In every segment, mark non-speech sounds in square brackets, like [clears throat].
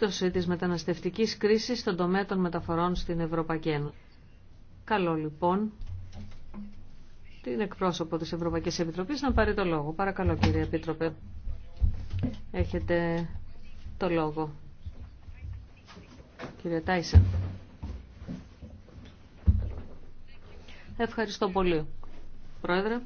επίπτωση της μεταναστευτικής κρίσης στον τομέα των μεταφορών στην Ευρωπαϊκή Ένωση. Καλό λοιπόν την εκπρόσωπο της Ευρωπαϊκής Επιτροπής να πάρει το λόγο. Παρακαλώ κύριε Επίτροπε. Έχετε το λόγο. Κύριε Τάισεν. Ευχαριστώ πολύ. Πρόεδρε.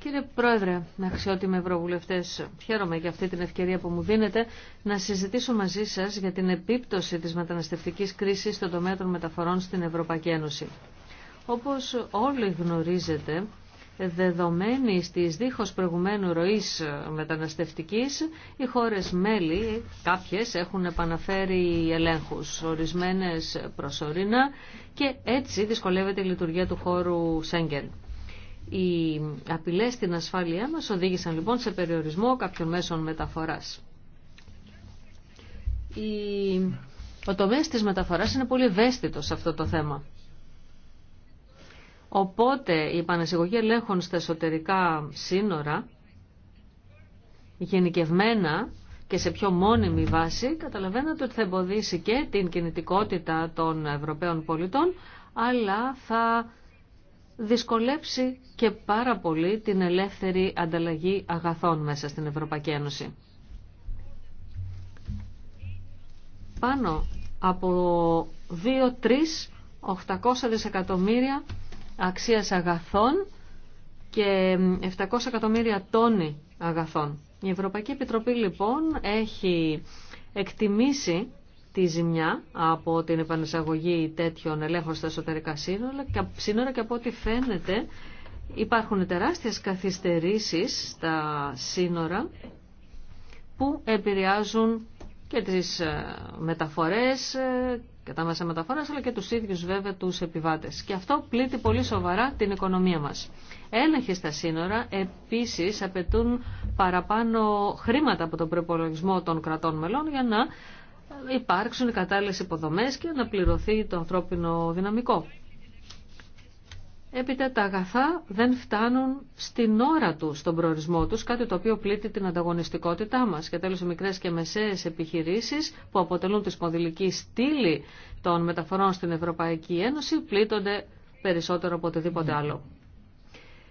Κύριε Πρόεδρε, αξιότιμοι Ευρωβουλευτέ, χαίρομαι για αυτή την ευκαιρία που μου δίνετε να συζητήσω μαζί σα για την επίπτωση τη μεταναστευτική κρίση στον τομέα των μεταφορών στην Ευρωπαϊκή Ένωση. Όπω όλοι γνωρίζετε, δεδομένη τη δίχω προηγουμένου ροή μεταναστευτική, οι χώρε μέλη, κάποιε, έχουν επαναφέρει ελέγχου, ορισμένε προσωρινά και έτσι δυσκολεύεται η λειτουργία του χώρου Σέγγεν. Οι απειλές στην ασφάλειά μας οδήγησαν λοιπόν σε περιορισμό κάποιων μέσων μεταφοράς. Η... Ο τομέας της μεταφοράς είναι πολύ ευαίσθητος σε αυτό το θέμα. Οπότε η επανασυγωγή ελέγχων στα εσωτερικά σύνορα γενικευμένα και σε πιο μόνιμη βάση καταλαβαίνετε ότι θα εμποδίσει και την κινητικότητα των Ευρωπαίων πολιτών αλλά θα δυσκολέψει και πάρα πολύ την ελεύθερη ανταλλαγή αγαθών μέσα στην Ευρωπαϊκή Ένωση. Πάνω από 2-3, 800 δισεκατομμύρια αξίας αγαθών και 700 εκατομμύρια τόνοι αγαθών. Η Ευρωπαϊκή Επιτροπή λοιπόν έχει εκτιμήσει τη ζημιά από την επανεισαγωγή τέτοιων ελέγχων στα εσωτερικά σύνορα και από ό,τι φαίνεται υπάρχουν τεράστιες καθυστερήσεις στα σύνορα που επηρεάζουν και τις ε, μεταφορές ε, και τα μέσα μεταφοράς αλλά και τους ίδιους βέβαια τους επιβάτες. Και αυτό πλήττει πολύ σοβαρά την οικονομία μας. Έλεγχοι στα σύνορα επίσης απαιτούν παραπάνω χρήματα από τον προπολογισμό των κρατών μελών για να υπάρξουν οι κατάλληλες υποδομές και να πληρωθεί το ανθρώπινο δυναμικό. Έπειτα τα αγαθά δεν φτάνουν στην ώρα του, στον προορισμό τους, κάτι το οποίο πλήττει την ανταγωνιστικότητά μας. Και τέλος, οι μικρές και μεσαίες επιχειρήσεις που αποτελούν τη σπονδυλική στήλη των μεταφορών στην Ευρωπαϊκή Ένωση πλήττονται περισσότερο από οτιδήποτε άλλο.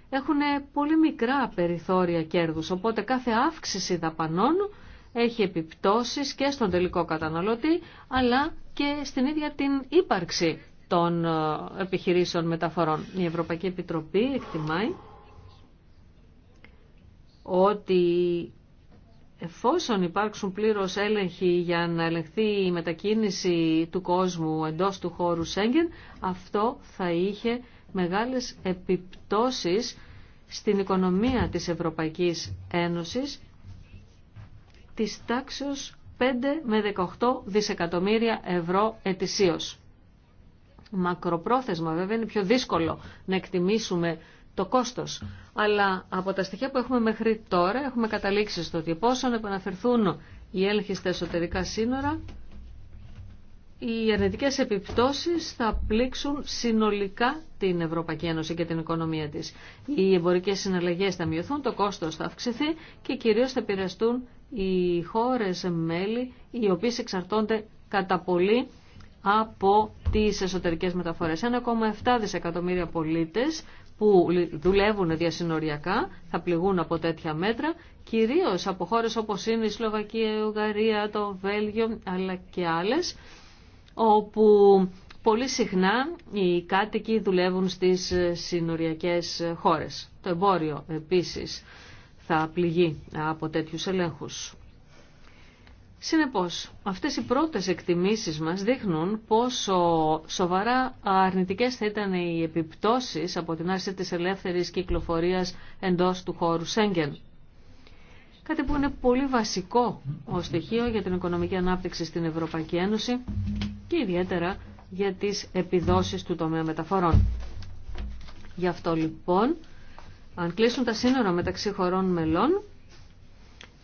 Έχουν πολύ μικρά περιθώρια κέρδους, οπότε κάθε αύξηση δαπανών έχει επιπτώσεις και στον τελικό καταναλωτή, αλλά και στην ίδια την ύπαρξη των ε, επιχειρήσεων μεταφορών. Η Ευρωπαϊκή Επιτροπή εκτιμάει ότι εφόσον υπάρξουν πλήρως έλεγχοι για να ελεγχθεί η μετακίνηση του κόσμου εντός του χώρου Σέγγεν, αυτό θα είχε μεγάλες επιπτώσεις στην οικονομία της Ευρωπαϊκής Ένωσης της τάξης 5 με 18 δισεκατομμύρια ευρώ ετησίως. Μακροπρόθεσμα βέβαια είναι πιο δύσκολο να εκτιμήσουμε το κόστος. Αλλά από τα στοιχεία που έχουμε μέχρι τώρα έχουμε καταλήξει στο ότι πόσο να επαναφερθούν οι έλεγχοι στα εσωτερικά σύνορα οι αρνητικές επιπτώσεις θα πλήξουν συνολικά την Ευρωπαϊκή Ένωση και την οικονομία της. Οι εμπορικές συναλλαγές θα μειωθούν, το κόστος θα αυξηθεί και κυρίως θα επηρεαστούν οι χώρες μέλη οι οποίες εξαρτώνται κατά πολύ από τις εσωτερικές μεταφορές. 1,7 δισεκατομμύρια πολίτες που δουλεύουν διασυνοριακά θα πληγούν από τέτοια μέτρα, κυρίως από χώρες όπως είναι η Σλοβακία, η Ουγγαρία, το Βέλγιο αλλά και άλλες όπου πολύ συχνά οι κάτοικοι δουλεύουν στις συνοριακές χώρες. Το εμπόριο επίσης θα πληγεί από τέτοιους ελέγχους. Συνεπώς, αυτές οι πρώτες εκτιμήσεις μας δείχνουν πόσο σοβαρά αρνητικές θα ήταν οι επιπτώσεις από την άρση της ελεύθερης κυκλοφορίας εντός του χώρου Σέγγεν κάτι που είναι πολύ βασικό ως στοιχείο για την οικονομική ανάπτυξη στην Ευρωπαϊκή Ένωση και ιδιαίτερα για τις επιδόσεις του τομέα μεταφορών. Γι' αυτό λοιπόν, αν κλείσουν τα σύνορα μεταξύ χωρών μελών,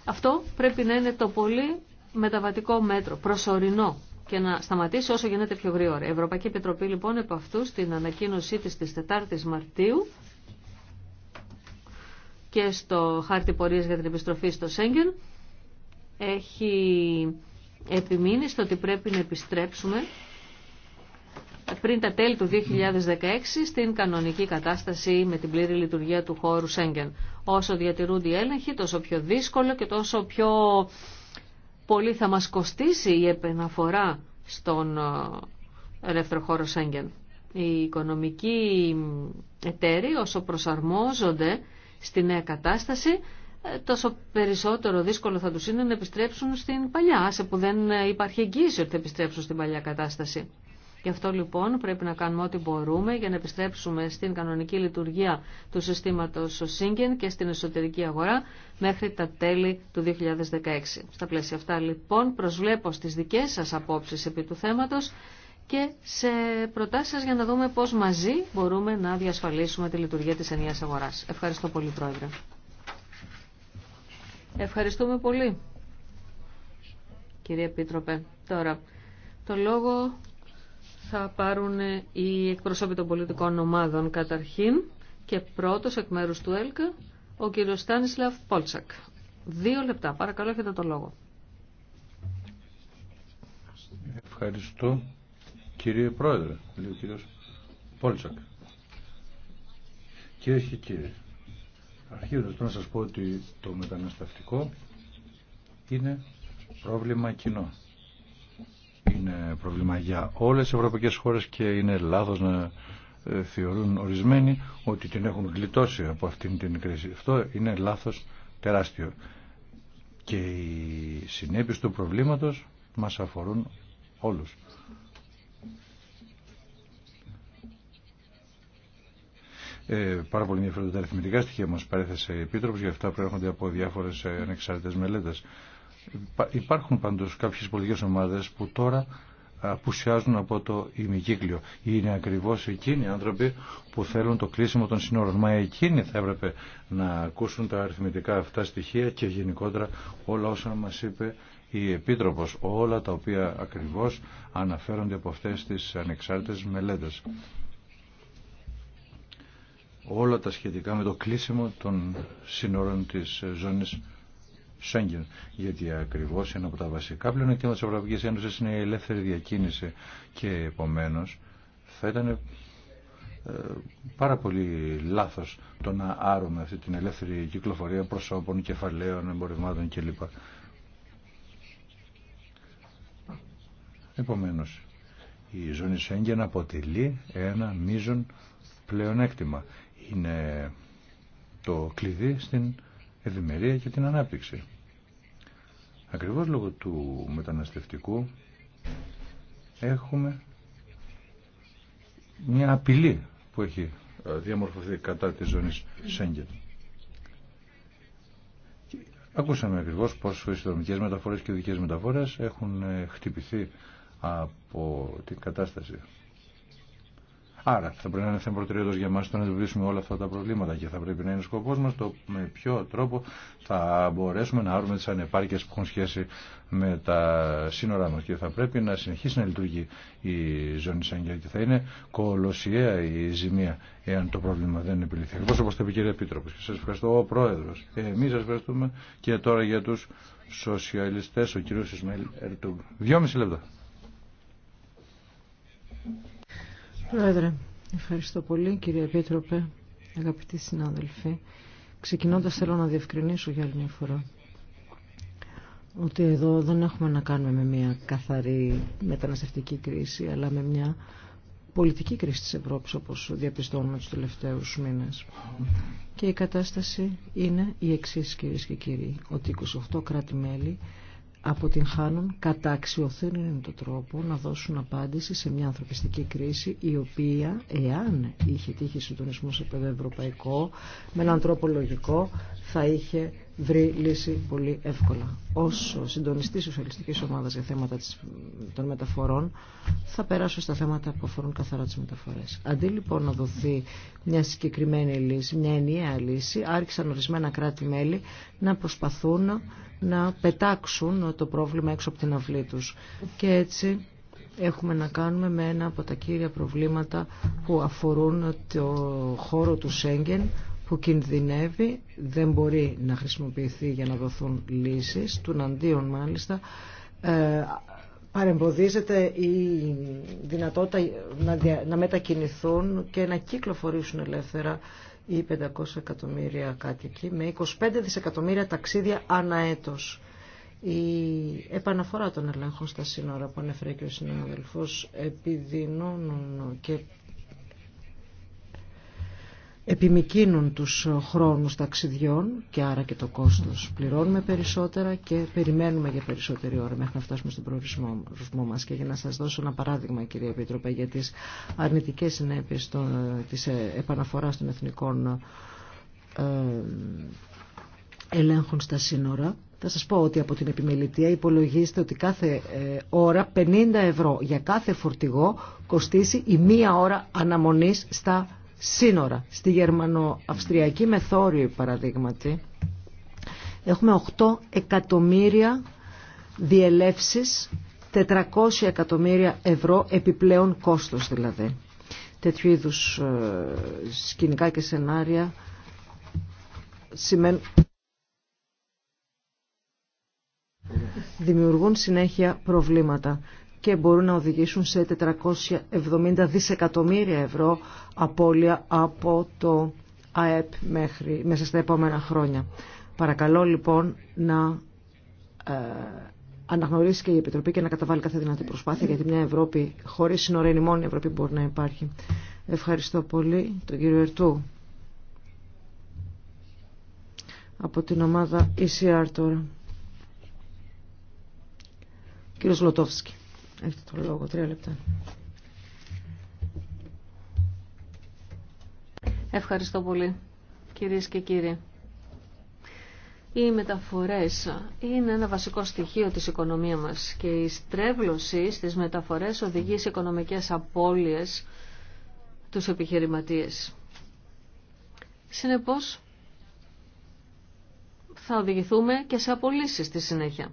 αυτό πρέπει να είναι το πολύ μεταβατικό μέτρο, προσωρινό και να σταματήσει όσο γίνεται πιο γρήγορα. Η Ευρωπαϊκή Επιτροπή λοιπόν επ' αυτού στην ανακοίνωσή της της 4ης Μαρτίου και στο χάρτη πορείας για την επιστροφή στο Σέγγεν έχει επιμείνει στο ότι πρέπει να επιστρέψουμε πριν τα τέλη του 2016 στην κανονική κατάσταση με την πλήρη λειτουργία του χώρου Σέγγεν. Όσο διατηρούνται οι έλεγχοι, τόσο πιο δύσκολο και τόσο πιο πολύ θα μας κοστίσει η επαναφορά στον ε, ελεύθερο χώρο Σέγγεν. Οι οικονομικοί εταίροι όσο προσαρμόζονται στη νέα κατάσταση, ε, τόσο περισσότερο δύσκολο θα τους είναι να επιστρέψουν στην παλιά, άσε που δεν ε, υπάρχει εγγύηση ότι θα επιστρέψουν στην παλιά κατάσταση. Γι' αυτό λοιπόν πρέπει να κάνουμε ό,τι μπορούμε για να επιστρέψουμε στην κανονική λειτουργία του συστήματος ΣΥΝΚΕΝ και στην εσωτερική αγορά μέχρι τα τέλη του 2016. Στα πλαίσια αυτά λοιπόν προσβλέπω στις δικές σας απόψεις επί του θέματος και σε προτάσεις για να δούμε πώς μαζί μπορούμε να διασφαλίσουμε τη λειτουργία της ενιαίας αγοράς. Ευχαριστώ πολύ, Πρόεδρε. Ευχαριστούμε πολύ, κύριε Επίτροπε. Τώρα, το λόγο θα πάρουν οι εκπροσώποι των πολιτικών ομάδων καταρχήν και πρώτος εκ μέρους του ΕΛΚ, ο κύριος Στάνισλαβ Πόλτσακ. Δύο λεπτά, παρακαλώ έχετε το λόγο. Ευχαριστώ Κύριε Πρόεδρε, λέει ο Πόλτσακ. Κυρίε και κύριοι, αρχίζοντας να σας πω ότι το μεταναστευτικό είναι πρόβλημα κοινό. Είναι πρόβλημα για όλες τις ευρωπαϊκές χώρες και είναι λάθος να ε, θεωρούν ορισμένοι ότι την έχουν γλιτώσει από αυτήν την κρίση. Αυτό είναι λάθος τεράστιο. Και οι συνέπειες του προβλήματος μα αφορούν όλους. Ε, πάρα πολύ ενδιαφέροντα τα αριθμητικά στοιχεία μα παρέθεσε η Επίτροπο, γι' αυτά προέρχονται από διάφορε ανεξάρτητε μελέτε. Υπάρχουν πάντω κάποιε πολιτικέ ομάδε που τώρα απουσιάζουν από το ημικύκλιο. Είναι ακριβώ εκείνοι οι άνθρωποι που θέλουν το κλείσιμο των συνόρων. Μα εκείνοι θα έπρεπε να ακούσουν τα αριθμητικά αυτά στοιχεία και γενικότερα όλα όσα μα είπε η Επίτροπος, όλα τα οποία ακριβώς αναφέρονται από αυτές τις ανεξάρτητες μελέτες όλα τα σχετικά με το κλείσιμο των σύνορων της ζώνης Σέγγεν. Γιατί ακριβώς ένα από τα βασικά πλεονεκτήματα της Ευρωπαϊκής Ένωσης είναι η ελεύθερη διακίνηση και επομένως θα ήταν ε, πάρα πολύ λάθος το να άρουμε αυτή την ελεύθερη κυκλοφορία προσώπων, κεφαλαίων, εμπορευμάτων κλπ. Επομένως, η ζώνη Σέγγεν αποτελεί ένα μείζον πλεονέκτημα είναι το κλειδί στην ευημερία και την ανάπτυξη. Ακριβώς λόγω του μεταναστευτικού έχουμε μια απειλή που έχει ε, διαμορφωθεί κατά της ζώνης Σέγγεν. Ακούσαμε ακριβώς πως οι συνδρομικές μεταφορές και οι δικές μεταφορές έχουν ε, χτυπηθεί από την κατάσταση Άρα θα πρέπει να είναι θέμα προτεραιότητα για εμά το να αντιμετωπίσουμε όλα αυτά τα προβλήματα και θα πρέπει να είναι σκοπό μα το με ποιο τρόπο θα μπορέσουμε να άρουμε τι ανεπάρκειε που έχουν σχέση με τα σύνορά μα. Και θα πρέπει να συνεχίσει να λειτουργεί η ζώνη σαν και θα είναι κολοσιαία η ζημία εάν το πρόβλημα δεν επιληθεί. Ακριβώ όπω το είπε κύριε Επίτροπο. Και σα ευχαριστώ, ο Πρόεδρο. Εμεί σα ευχαριστούμε και τώρα για του σοσιαλιστέ, ο κύριο Ισμαήλ Ερτούγκ. Δυόμιση λεπτά. Πρόεδρε, ευχαριστώ πολύ κύριε Επίτροπε, αγαπητοί συνάδελφοι. Ξεκινώντας θέλω να διευκρινίσω για άλλη μια φορά ότι εδώ δεν έχουμε να κάνουμε με μια καθαρή μεταναστευτική κρίση αλλά με μια πολιτική κρίση της Ευρώπης όπως διαπιστώνουμε τους τελευταίους μήνες. Και η κατάσταση είναι η εξής κυρίες και κύριοι, ότι 28 κράτη-μέλη αποτυγχάνουν κατά το τρόπο να δώσουν απάντηση σε μια ανθρωπιστική κρίση η οποία εάν είχε τύχει συντονισμό σε παιδό ευρωπαϊκό με έναν τρόπο λογικό θα είχε βρει λύση πολύ εύκολα. Όσο συντονιστή σοσιαλιστική ομάδα για θέματα των μεταφορών θα περάσω στα θέματα που αφορούν καθαρά τις μεταφορές. Αντί λοιπόν να δοθεί μια συγκεκριμένη λύση, μια ενιαία λύση, άρχισαν ορισμένα κράτη-μέλη να προσπαθούν να πετάξουν το πρόβλημα έξω από την αυλή του. Και έτσι έχουμε να κάνουμε με ένα από τα κύρια προβλήματα που αφορούν το χώρο του Σέγγεν, που κινδυνεύει, δεν μπορεί να χρησιμοποιηθεί για να δοθούν λύσεις, του αντίον μάλιστα ε, παρεμποδίζεται η δυνατότητα να μετακινηθούν και να κυκλοφορήσουν ελεύθερα ή 500 εκατομμύρια κάτοικοι με 25 δισεκατομμύρια ταξίδια ανά έτος. Η επαναφορά των ελέγχων στα σύνορα που ανέφερε και ο συνάδελφος επιδεινώνουν και επιμικίνουν τους χρόνους ταξιδιών και άρα και το κόστος. Πληρώνουμε περισσότερα και περιμένουμε για περισσότερη ώρα μέχρι να φτάσουμε στον προορισμό μας. Και για να σας δώσω ένα παράδειγμα κυρία Επίτροπε για τις αρνητικές συνέπειες της ε, επαναφοράς των εθνικών ε, ελέγχων στα σύνορα. Θα σας πω ότι από την επιμελητία υπολογίζεται ότι κάθε ε, ώρα 50 ευρώ για κάθε φορτηγό κοστίσει η μία ώρα αναμονής στα σύνορα σύνορα. Στη γερμανο-αυστριακή μεθόριο, παραδείγματι, έχουμε 8 εκατομμύρια διελεύσεις, 400 εκατομμύρια ευρώ επιπλέον κόστος δηλαδή. Τέτοιου είδους ε, σκηνικά και σενάρια σημαίνουν δημιουργούν συνέχεια προβλήματα και μπορούν να οδηγήσουν σε 470 δισεκατομμύρια ευρώ απώλεια από το ΑΕΠ μέχρι, μέσα στα επόμενα χρόνια. Παρακαλώ λοιπόν να ε, αναγνωρίσει και η Επιτροπή και να καταβάλει κάθε δυνατή προσπάθεια γιατί μια Ευρώπη χωρίς σύνορα είναι η μόνη Ευρώπη που μπορεί να υπάρχει. Ευχαριστώ πολύ τον κύριο Ερτού. Από την ομάδα ECR τώρα. Κύριος Λοτόφσκι. Έχετε το λόγο, τρία λεπτά. Ευχαριστώ πολύ, κυρίες και κύριοι. Οι μεταφορές είναι ένα βασικό στοιχείο της οικονομίας μας και η στρέβλωση στις μεταφορές οδηγεί σε οικονομικές απώλειες τους επιχειρηματίες. Συνεπώς, θα οδηγηθούμε και σε απολύσεις στη συνέχεια.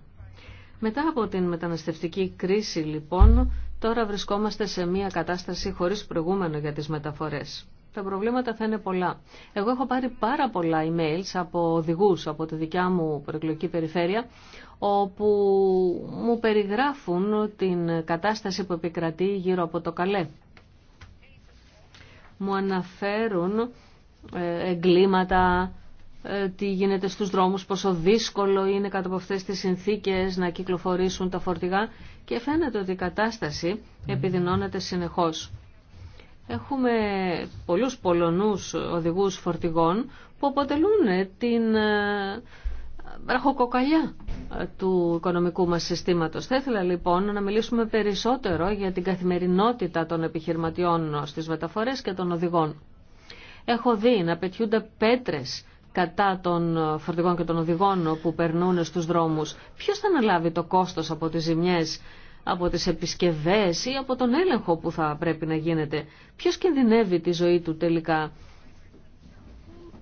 Μετά από την μεταναστευτική κρίση λοιπόν, τώρα βρισκόμαστε σε μια κατάσταση χωρίς προηγούμενο για τις μεταφορές. Τα προβλήματα θα είναι πολλά. Εγώ έχω πάρει πάρα πολλά emails από οδηγού από τη δικιά μου προεκλογική περιφέρεια, όπου μου περιγράφουν την κατάσταση που επικρατεί γύρω από το καλέ. Μου αναφέρουν ε, εγκλήματα, ε, τι γίνεται στους δρόμους, πόσο δύσκολο είναι κάτω από αυτές τις συνθήκες να κυκλοφορήσουν τα φορτηγά και φαίνεται ότι η κατάσταση επιδεινώνεται συνεχώς. Έχουμε πολλούς Πολωνούς οδηγούς φορτηγών που αποτελούν ε, την ε, βραχοκοκαλιά του οικονομικού μας συστήματος. Θα ήθελα λοιπόν να μιλήσουμε περισσότερο για την καθημερινότητα των επιχειρηματιών στις μεταφορές και των οδηγών. Έχω δει να πετιούνται πέτρες κατά των φορτηγών και των οδηγών που περνούν στους δρόμους. Ποιος θα αναλάβει το κόστος από τις ζημιές, από τις επισκευές ή από τον έλεγχο που θα πρέπει να γίνεται. Ποιος κινδυνεύει τη ζωή του τελικά.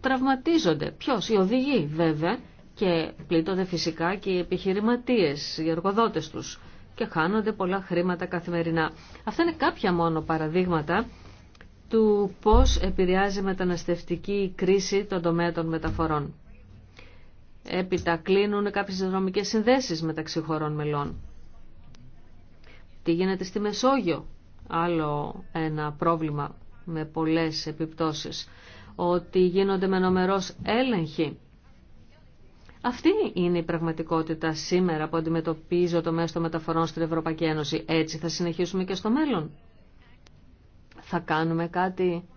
Τραυματίζονται. Ποιος. Οι οδηγοί βέβαια και πλήττονται φυσικά και οι επιχειρηματίες, οι εργοδότες τους και χάνονται πολλά χρήματα καθημερινά. Αυτά είναι κάποια μόνο παραδείγματα του πώς επηρεάζει η μεταναστευτική κρίση των τομέα των μεταφορών. Έπειτα κλείνουν κάποιες δρομικές συνδέσεις μεταξύ χωρών μελών. Τι γίνεται στη Μεσόγειο, άλλο ένα πρόβλημα με πολλές επιπτώσεις, ότι γίνονται με νομερός έλεγχοι. Αυτή είναι η πραγματικότητα σήμερα που αντιμετωπίζει ο τομέας των μεταφορών στην Ευρωπαϊκή Ένωση. Έτσι θα συνεχίσουμε και στο μέλλον. Θα κάνουμε κάτι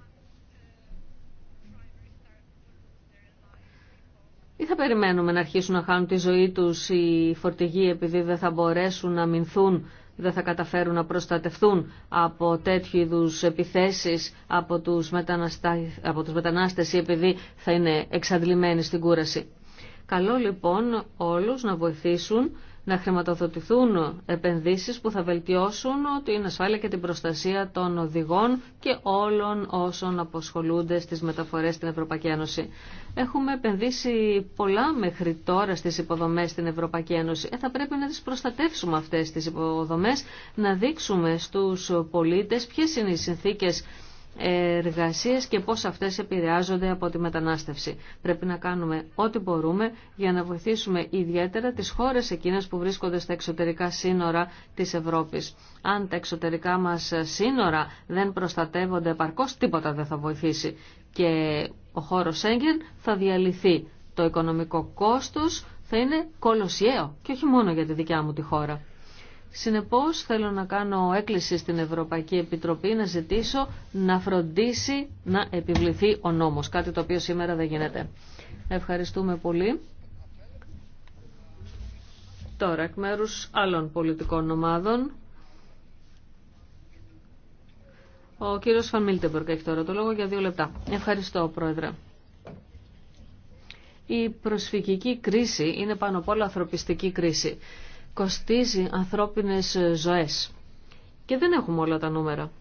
ή θα περιμένουμε να αρχίσουν να χάνουν τη ζωή τους οι φορτηγοί επειδή δεν θα μπορέσουν να μηνθούν, δεν θα καταφέρουν να προστατευτούν από τέτοιου είδου επιθέσεις από τους, μεταναστα... από τους μετανάστες ή επειδή θα είναι εξαντλημένοι στην κούραση. Καλό λοιπόν όλους να βοηθήσουν να χρηματοδοτηθούν επενδύσεις που θα βελτιώσουν την ασφάλεια και την προστασία των οδηγών και όλων όσων αποσχολούνται στις μεταφορές στην Ευρωπαϊκή Ένωση. Έχουμε επενδύσει πολλά μέχρι τώρα στις υποδομές στην Ευρωπαϊκή Ένωση. Ε, θα πρέπει να τις προστατεύσουμε αυτές τις υποδομές, να δείξουμε στους πολίτες ποιες είναι οι συνθήκες εργασίες και πώς αυτές επηρεάζονται από τη μετανάστευση. Πρέπει να κάνουμε ό,τι μπορούμε για να βοηθήσουμε ιδιαίτερα τις χώρες εκείνες που βρίσκονται στα εξωτερικά σύνορα της Ευρώπης. Αν τα εξωτερικά μας σύνορα δεν προστατεύονται επαρκώς, τίποτα δεν θα βοηθήσει. Και ο χώρος Σέγγεν θα διαλυθεί. Το οικονομικό κόστος θα είναι κολοσιαίο και όχι μόνο για τη δικιά μου τη χώρα. Συνεπώς θέλω να κάνω έκκληση στην Ευρωπαϊκή Επιτροπή να ζητήσω να φροντίσει να επιβληθεί ο νόμος, κάτι το οποίο σήμερα δεν γίνεται. Ευχαριστούμε πολύ. Τώρα εκ μέρους άλλων πολιτικών ομάδων. Ο κύριος Φαν Μίλτεμπορκ έχει τώρα το λόγο για δύο λεπτά. Ευχαριστώ, Πρόεδρε. Η προσφυγική κρίση είναι πάνω απ' όλα ανθρωπιστική κρίση κοστίζει ανθρώπινες ζωές. Και δεν έχουμε όλα τα νούμερα.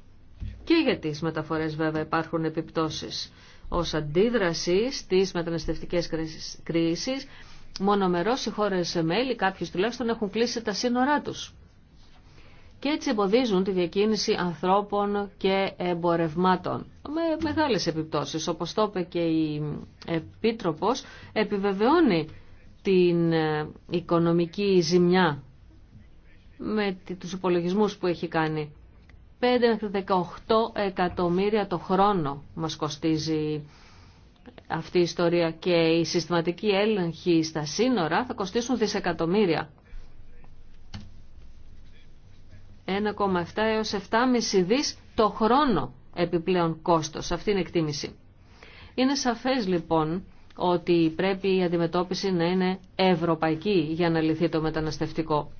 Και για τις μεταφορές βέβαια υπάρχουν επιπτώσεις. Ως αντίδραση στις μεταναστευτικές κρίσεις, μονομερώς οι χώρες μέλη, κάποιους τουλάχιστον, έχουν κλείσει τα σύνορά τους. Και έτσι εμποδίζουν τη διακίνηση ανθρώπων και εμπορευμάτων. Με μεγάλες επιπτώσεις. Όπως το είπε και η Επίτροπος, επιβεβαιώνει την ε, οικονομική ζημιά με τους υπολογισμούς που έχει κάνει. 5 μέχρι 18 εκατομμύρια το χρόνο μας κοστίζει αυτή η ιστορία και η συστηματική έλεγχη στα σύνορα θα κοστίσουν δισεκατομμύρια. 1,7 έως 7,5 δις το χρόνο επιπλέον κόστος. Αυτή είναι η εκτίμηση. Είναι σαφές λοιπόν ότι πρέπει η αντιμετώπιση να είναι ευρωπαϊκή για να λυθεί το μεταναστευτικό.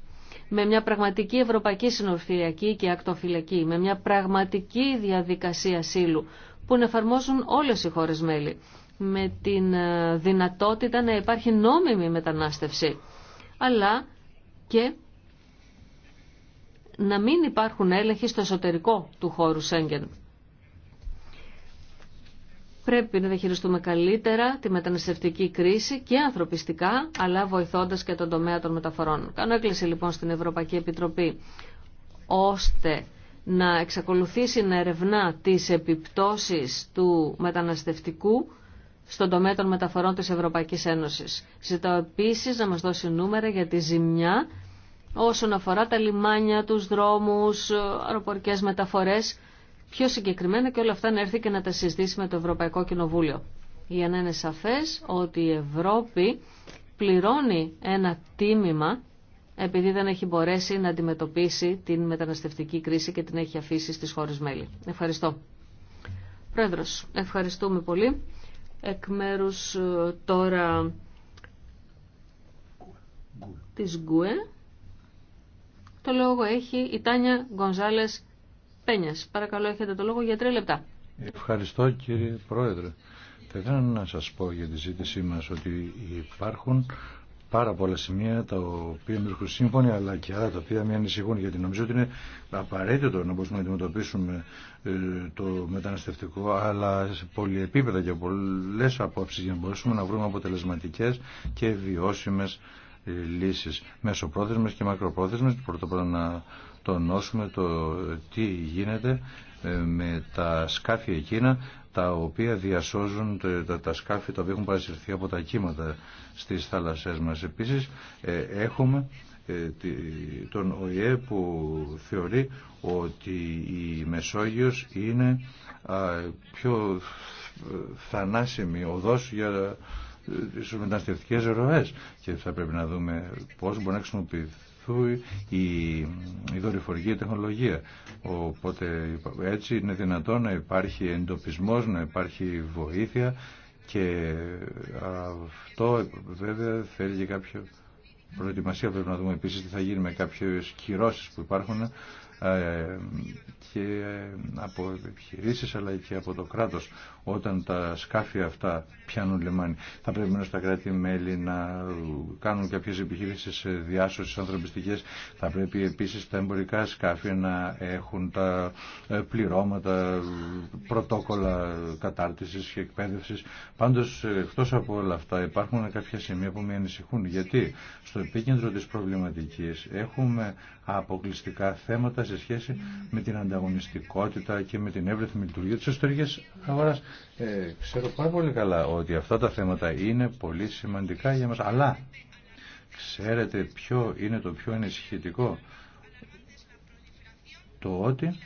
Με μια πραγματική ευρωπαϊκή συνορφιακή και ακτοφυλακή, με μια πραγματική διαδικασία σύλλου που να εφαρμόσουν όλες οι χώρες μέλη, με την ε, δυνατότητα να υπάρχει νόμιμη μετανάστευση, αλλά και να μην υπάρχουν έλεγχοι στο εσωτερικό του χώρου Σέγγεν. Πρέπει να διαχειριστούμε καλύτερα τη μεταναστευτική κρίση και ανθρωπιστικά, αλλά βοηθώντας και τον τομέα των μεταφορών. Κάνω έκκληση λοιπόν στην Ευρωπαϊκή Επιτροπή, ώστε να εξακολουθήσει να ερευνά τις επιπτώσεις του μεταναστευτικού στον τομέα των μεταφορών της Ευρωπαϊκής Ένωσης. Ζητώ επίσης να μας δώσει νούμερα για τη ζημιά όσον αφορά τα λιμάνια, τους δρόμους, αεροπορικές μεταφορές, πιο συγκεκριμένα και όλα αυτά να έρθει και να τα συζητήσει με το Ευρωπαϊκό Κοινοβούλιο. Για να είναι σαφές ότι η Ευρώπη πληρώνει ένα τίμημα επειδή δεν έχει μπορέσει να αντιμετωπίσει την μεταναστευτική κρίση και την έχει αφήσει στις χώρες μέλη. Ευχαριστώ. Πρόεδρος, ευχαριστούμε πολύ. Εκ μέρους ε, τώρα της ΓΚΟΕ, το λόγο έχει η Τάνια Γκονζάλες Παρακαλώ, έχετε το λόγο για τρία λεπτά. Ευχαριστώ κύριε Πρόεδρε. Θα ήθελα να σας πω για τη ζήτησή μας ότι υπάρχουν πάρα πολλά σημεία τα οποία με βρίσκουν σύμφωνοι αλλά και άλλα τα οποία με ανησυχούν γιατί νομίζω ότι είναι απαραίτητο να μπορούμε να αντιμετωπίσουμε ε, το μεταναστευτικό αλλά σε πολυεπίπεδα και πολλέ απόψεις για να μπορέσουμε να βρούμε αποτελεσματικές και βιώσιμες ε, λύσεις μέσω και μακροπρόθεσμες πρώτα απ' να τονώσουμε το τι γίνεται ε, με τα σκάφη εκείνα τα οποία διασώζουν τα σκάφη τα οποία έχουν παρασυρθεί από τα κύματα στις θάλασσές μας. Επίσης ε, έχουμε ε, τον ΟΗΕ που θεωρεί ότι η Μεσόγειος είναι πιο θανάσιμη οδός για τις μεταναστευτικές ροές και θα πρέπει να δούμε πώς μπορεί να χρησιμοποιηθεί η, δορυφορική τεχνολογία. Οπότε έτσι είναι δυνατόν να υπάρχει εντοπισμός, να υπάρχει βοήθεια και αυτό βέβαια θέλει και κάποιο προετοιμασία. Πρέπει να δούμε επίσης τι θα γίνει με κάποιες κυρώσεις που υπάρχουν ε, και από επιχειρήσει αλλά και από το κράτος όταν τα σκάφη αυτά πιάνουν λιμάνι. Θα πρέπει μέσα στα κράτη-μέλη να κάνουν κάποιες επιχειρήσεις διάσωσης ανθρωπιστικές. Θα πρέπει επίσης τα εμπορικά σκάφη να έχουν τα ε, πληρώματα, πρωτόκολλα κατάρτισης και εκπαίδευσης. Πάντως, εκτός από όλα αυτά υπάρχουν κάποια σημεία που με ανησυχούν. Γιατί στο επίκεντρο της προβληματικής έχουμε αποκλειστικά θέματα σε σχέση με την ανταγωνιστικότητα και με την εύρεθμη λειτουργία της εσωτερικής αγοράς. Ε, ξέρω πάρα πολύ καλά ότι αυτά τα θέματα είναι πολύ σημαντικά για μας. Αλλά ξέρετε ποιο είναι το πιο ενισχυτικό. Το ότι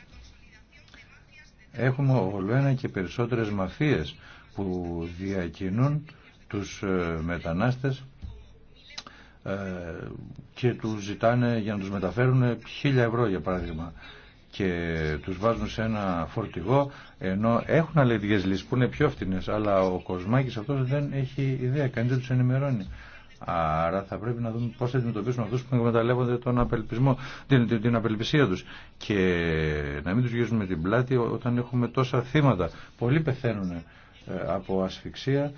έχουμε ολοένα και περισσότερες μαφίες που διακινούν τους ε, μετανάστες ε, και τους ζητάνε για να τους μεταφέρουν χίλια ευρώ για παράδειγμα και τους βάζουν σε ένα φορτηγό ενώ έχουν αλληλεγγύες λύσεις που είναι πιο φτηνές αλλά ο κοσμάκης αυτός δεν έχει ιδέα, κανείς δεν τους ενημερώνει. Άρα θα πρέπει να δούμε πώς θα αντιμετωπίσουμε αυτούς που εκμεταλλεύονται τον απελπισμό, την, την, την απελπισία τους και να μην τους γυρίζουμε την πλάτη όταν έχουμε τόσα θύματα. Πολλοί πεθαίνουν ε, από ασφυξία.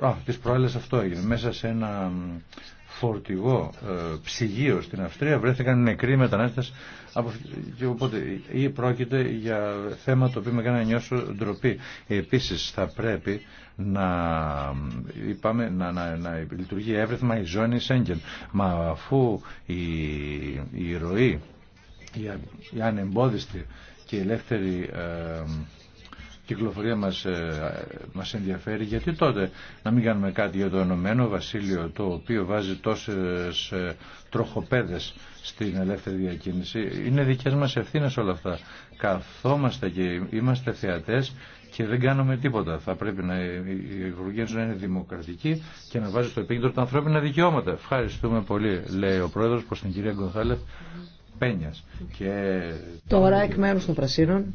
Ε, α, τις προάλλες αυτό έγινε. Μέσα σε ένα φορτηγό ε, ψυγείο στην Αυστρία βρέθηκαν νεκροί μετανάστες οπότε ή πρόκειται για θέμα το οποίο με κάνει να νιώσω ντροπή. Επίσης θα πρέπει να, είπαμε, να, να, να λειτουργεί εύρεθμα η ζώνη Σέγγεν. Μα αφού η, η ροή, η, η ανεμπόδιστη και η ελεύθερη ε, κυκλοφορία μας, ε, μας ενδιαφέρει γιατί τότε να μην κάνουμε κάτι για το Ενωμένο Βασίλειο το οποίο βάζει τόσες ε, τροχοπέδες στην ελεύθερη διακίνηση. Είναι δικές μας ευθύνες όλα αυτά. Καθόμαστε και είμαστε θεατές και δεν κάνουμε τίποτα. Θα πρέπει να, η Υπουργή να είναι δημοκρατική και να βάζει στο επίκεντρο τα ανθρώπινα δικαιώματα. Ευχαριστούμε πολύ, λέει ο Πρόεδρος προς την κυρία Γκονθάλεφ Πένιας. Και... Τώρα εκ μέρους των Πρασίνων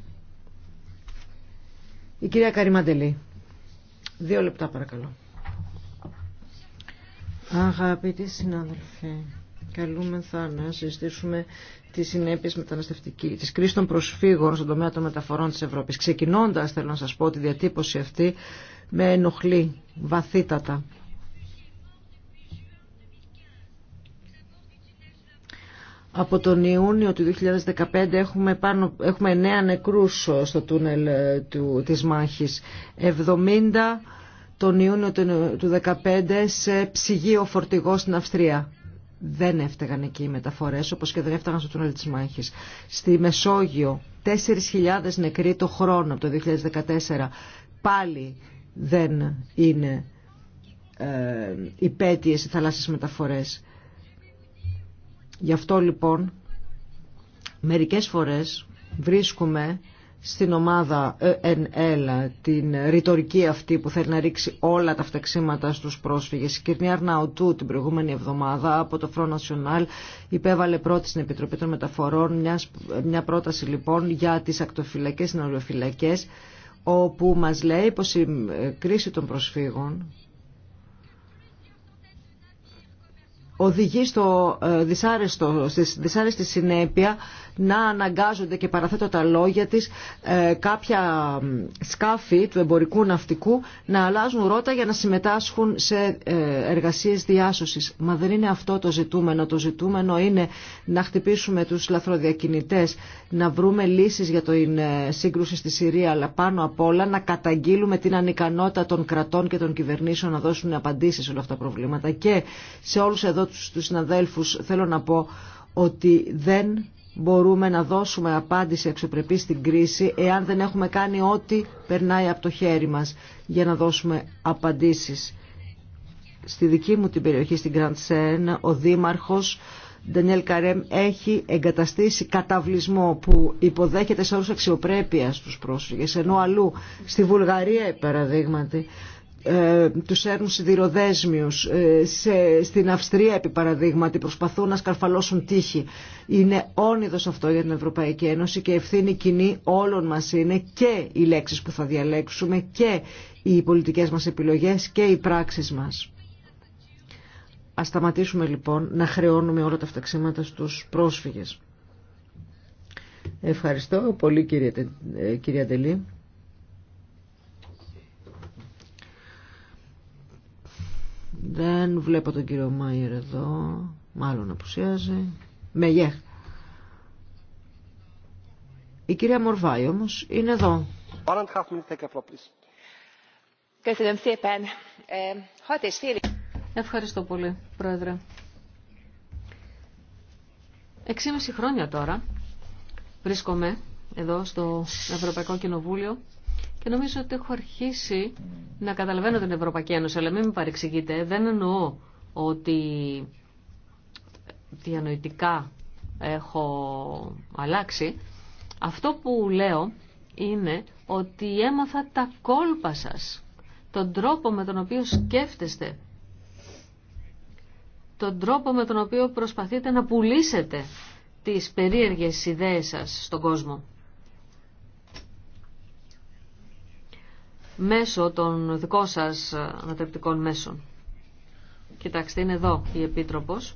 η κυρία Καρυμαντελή. Δύο λεπτά παρακαλώ. Αγαπητοί συνάδελφοι, καλούμεθα να συζητήσουμε τι συνέπειε μεταναστευτική, τη κρίση των προσφύγων στον τομέα των μεταφορών τη Ευρώπη. Ξεκινώντα, θέλω να σα πω ότι διατύπωση αυτή με ενοχλεί βαθύτατα. Από τον Ιούνιο του 2015 έχουμε, πάνω, έχουμε 9 νεκρούς ε, στο τούνελ ε, του, της μάχης. 70 τον Ιούνιο του 2015 σε ψυγείο φορτηγό στην Αυστρία. Δεν έφταγαν εκεί οι μεταφορές, όπως και δεν έφταγαν στο τούνελ της μάχης. Στη Μεσόγειο, 4.000 νεκροί το χρόνο από το 2014. Πάλι δεν είναι ε, υπέτειες οι θαλάσσιες μεταφορές. Γι' αυτό λοιπόν μερικές φορές βρίσκουμε στην ομάδα ε ΕΝΕΛ την ρητορική αυτή που θέλει να ρίξει όλα τα φταξίματα στους πρόσφυγες. Η Κυρνία Αρναουτού την προηγούμενη εβδομάδα από το Front National υπέβαλε πρώτη στην Επιτροπή των Μεταφορών μια, μια πρόταση λοιπόν για τις ακτοφυλακές, συνοριοφυλακές όπου μας λέει πως η κρίση των προσφύγων οδηγεί στο ε, δυσάρεστο, στη δυσάρεστη συνέπεια να αναγκάζονται και παραθέτω τα λόγια της ε, κάποια σκάφη του εμπορικού ναυτικού να αλλάζουν ρότα για να συμμετάσχουν σε ε, εργασίες διάσωσης. Μα δεν είναι αυτό το ζητούμενο. Το ζητούμενο είναι να χτυπήσουμε τους λαθροδιακινητές, να βρούμε λύσεις για την σύγκρουση στη Συρία, αλλά πάνω απ' όλα να καταγγείλουμε την ανικανότητα των κρατών και των κυβερνήσεων να δώσουν απαντήσεις σε όλα αυτά τα προβλήματα και σε όλους εδώ τους συναδέλφους θέλω να πω ότι δεν μπορούμε να δώσουμε απάντηση αξιοπρεπή στην κρίση εάν δεν έχουμε κάνει ό,τι περνάει από το χέρι μας για να δώσουμε απαντήσεις. Στη δική μου την περιοχή, στην Grand ο δήμαρχος Ντανιέλ Καρέμ έχει εγκαταστήσει καταβλισμό που υποδέχεται σε όρους αξιοπρέπειας τους πρόσφυγες, ενώ αλλού στη Βουλγαρία, παραδείγματι, ε, Του έρνουν σιδηροδέσμιου ε, στην Αυστρία επί παραδείγματι προσπαθούν να σκαρφαλώσουν τύχη είναι όνειρο αυτό για την Ευρωπαϊκή Ένωση και ευθύνη κοινή όλων μας είναι και οι λέξεις που θα διαλέξουμε και οι πολιτικές μας επιλογές και οι πράξεις μας Α σταματήσουμε λοιπόν να χρεώνουμε όλα τα φταξίματα στου πρόσφυγε. Ευχαριστώ πολύ κύριε, ε, κυρία Τελή Δεν βλέπω τον κύριο Μάιερ εδώ. Μάλλον απουσιάζει. Μεγέχ. Η κυρία Μορβάη όμω είναι εδώ. Ε, Ευχαριστώ πολύ, Πρόεδρε. Εξήμιση χρόνια τώρα βρίσκομαι εδώ στο Ευρωπαϊκό Κοινοβούλιο και νομίζω ότι έχω αρχίσει να καταλαβαίνω την Ευρωπαϊκή Ένωση, αλλά μην με παρεξηγείτε. Δεν εννοώ ότι διανοητικά έχω αλλάξει. Αυτό που λέω είναι ότι έμαθα τα κόλπα σας, τον τρόπο με τον οποίο σκέφτεστε, τον τρόπο με τον οποίο προσπαθείτε να πουλήσετε τις περίεργες ιδέες σας στον κόσμο. μέσω των δικών σας ανατρεπτικών μέσων. Κοιτάξτε, είναι εδώ η Επίτροπος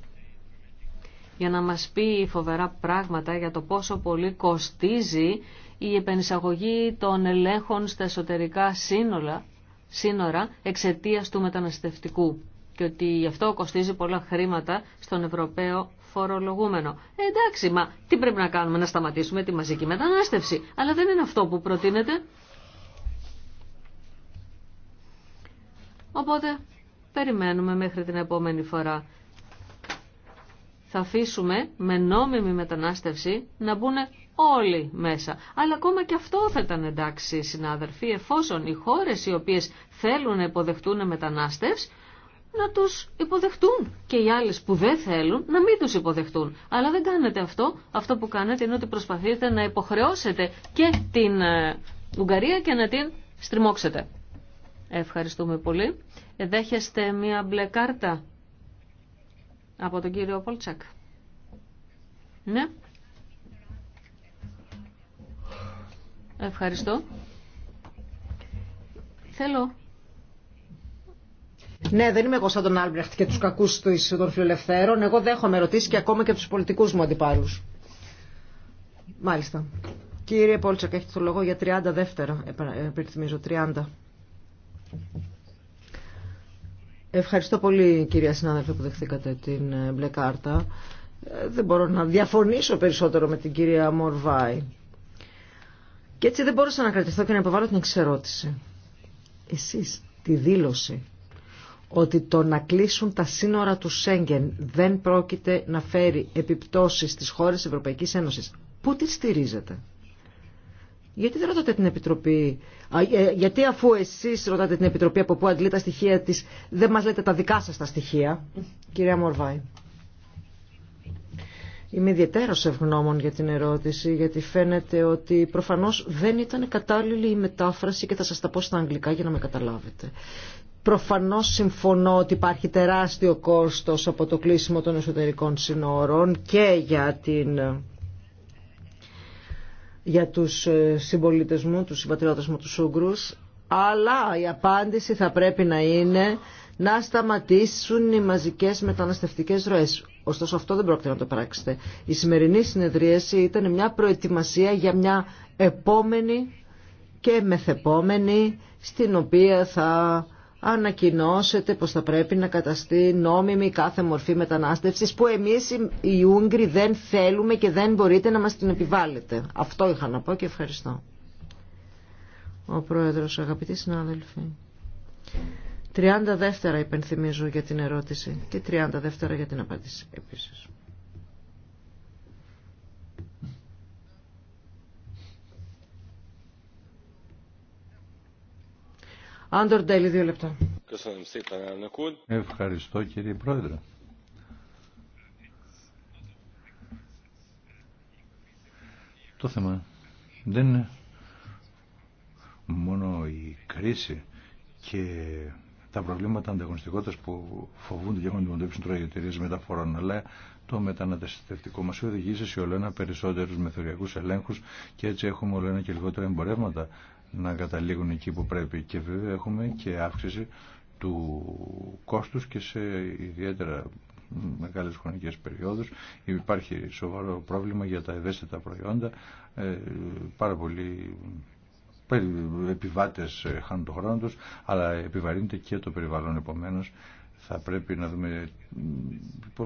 για να μας πει φοβερά πράγματα για το πόσο πολύ κοστίζει η επενισαγωγή των ελέγχων στα εσωτερικά σύνολα, σύνορα εξαιτίας του μεταναστευτικού και ότι γι' αυτό κοστίζει πολλά χρήματα στον Ευρωπαίο φορολογούμενο. Ε, εντάξει, μα τι πρέπει να κάνουμε, να σταματήσουμε τη μαζική μετανάστευση. Αλλά δεν είναι αυτό που προτείνεται. Οπότε περιμένουμε μέχρι την επόμενη φορά. Θα αφήσουμε με νόμιμη μετανάστευση να μπουν όλοι μέσα. Αλλά ακόμα και αυτό θα ήταν εντάξει, συνάδελφοι, εφόσον οι χώρες οι οποίες θέλουν να υποδεχτούν μετανάστευση, να τους υποδεχτούν και οι άλλες που δεν θέλουν να μην τους υποδεχτούν. Αλλά δεν κάνετε αυτό. Αυτό που κάνετε είναι ότι προσπαθείτε να υποχρεώσετε και την ε, Ουγγαρία και να την στριμώξετε. Ευχαριστούμε πολύ. Ε, δέχεστε μία μπλε κάρτα από τον κύριο Πολτσακ. Ναι. Ευχαριστώ. Θέλω. Ναι, δεν είμαι εγώ σαν τον Άλμπρεχτ και τους κακούς των φιλελευθέρων. Εγώ δέχομαι ερωτήσεις και ακόμα και από τους πολιτικούς μου αντιπάλους. Μάλιστα. Κύριε Πόλτσακ, έχετε το λόγο για 30 δεύτερα. Επιθυμίζω ε, 30. Ευχαριστώ πολύ κυρία συνάδελφε που δεχθήκατε την ε, μπλε κάρτα. Ε, δεν μπορώ να διαφωνήσω περισσότερο με την κυρία Μορβάη. Και έτσι δεν μπορούσα να κρατηθώ και να υποβάλω την εξερώτηση. Εσείς τη δήλωση ότι το να κλείσουν τα σύνορα του Σέγγεν δεν πρόκειται να φέρει επιπτώσεις στις χώρες Ευρωπαϊκής Ένωσης. Πού τη στηρίζετε. Γιατί δεν ρωτάτε την Επιτροπή, ε, γιατί αφού εσείς ρωτάτε την Επιτροπή από πού αντλεί τα στοιχεία της, δεν μας λέτε τα δικά σας τα στοιχεία, κυρία Μορβάη. Είμαι ιδιαίτερο ευγνώμων για την ερώτηση, γιατί φαίνεται ότι προφανώς δεν ήταν κατάλληλη η μετάφραση και θα σας τα πω στα αγγλικά για να με καταλάβετε. Προφανώς συμφωνώ ότι υπάρχει τεράστιο κόστος από το κλείσιμο των εσωτερικών συνόρων και για την για τους ε, συμπολίτε μου, τους συμπατριώτες μου, τους Ούγκρους, αλλά η απάντηση θα πρέπει να είναι να σταματήσουν οι μαζικές μεταναστευτικές ροές. Ωστόσο αυτό δεν πρόκειται να το πράξετε. Η σημερινή συνεδρίαση ήταν μια προετοιμασία για μια επόμενη και μεθεπόμενη στην οποία θα ανακοινώσετε πως θα πρέπει να καταστεί νόμιμη κάθε μορφή μετανάστευσης που εμείς οι Ούγγροι δεν θέλουμε και δεν μπορείτε να μας την επιβάλλετε. Αυτό είχα να πω και ευχαριστώ. Ο Πρόεδρος, αγαπητοί συνάδελφοι. 30 δεύτερα υπενθυμίζω για την ερώτηση και 30 δεύτερα για την απάντηση επίσης. Άντορ Ντέλη, δύο λεπτά. Ευχαριστώ κύριε Πρόεδρε. Το θέμα δεν είναι μόνο η κρίση και τα προβλήματα ανταγωνιστικότητας που φοβούνται και έχουν αντιμετωπίσει τώρα εταιρείε μεταφορών, αλλά το μεταναστευτικό μα οδηγήσει σε όλο ένα περισσότερου μεθοριακού ελέγχου και έτσι έχουμε όλο ένα και λιγότερα εμπορεύματα να καταλήγουν εκεί που πρέπει. Και βέβαια έχουμε και αύξηση του κόστους και σε ιδιαίτερα μεγάλες χρονικές περιόδους. Υπάρχει σοβαρό πρόβλημα για τα ευαίσθητα προϊόντα. Ε, πάρα πολύ επιβάτες ε, χάνουν το χρόνο τους, αλλά επιβαρύνεται και το περιβάλλον επομένως θα πρέπει να δούμε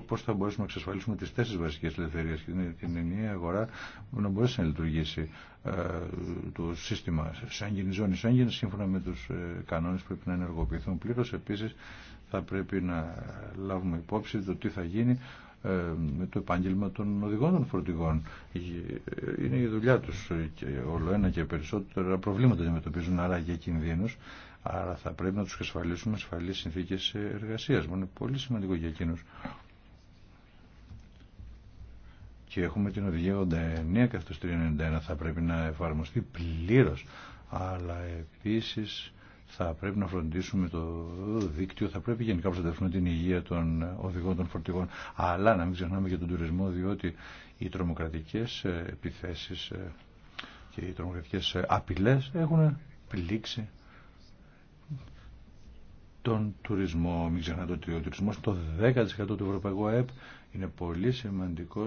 πώς θα μπορέσουμε να εξασφαλίσουμε τις τέσσερις βασικές ελευθερίες και την ενιαία αγορά να μπορέσει να λειτουργήσει ε, το σύστημα Σέγγεν, ζώνη Σέγγεν σύμφωνα με τους ε, κανόνες πρέπει να ενεργοποιηθούν πλήρως. Επίσης θα πρέπει να λάβουμε υπόψη το τι θα γίνει ε, με το επάγγελμα των οδηγών των φορτηγών. Είναι η δουλειά τους και όλο ένα και περισσότερα προβλήματα αντιμετωπίζουν, άρα για κινδύνους Άρα θα πρέπει να τους ασφαλίσουμε ασφαλείς συνθήκες εργασίας. Είναι πολύ σημαντικό για εκείνους. Και έχουμε την οδηγία 89 και 391 θα πρέπει να εφαρμοστεί πλήρως. Αλλά επίσης θα πρέπει να φροντίσουμε το δίκτυο, θα πρέπει γενικά να προστατεύσουμε την υγεία των οδηγών των φορτηγών. Αλλά να μην ξεχνάμε για τον τουρισμό, διότι οι τρομοκρατικές επιθέσεις ε, και οι τρομοκρατικές ε, απειλές έχουν πλήξει τον τουρισμό. Μην ξεχνάτε ότι ο τουρισμό το 10% του Ευρωπαϊκού ΑΕΠ είναι πολύ σημαντικό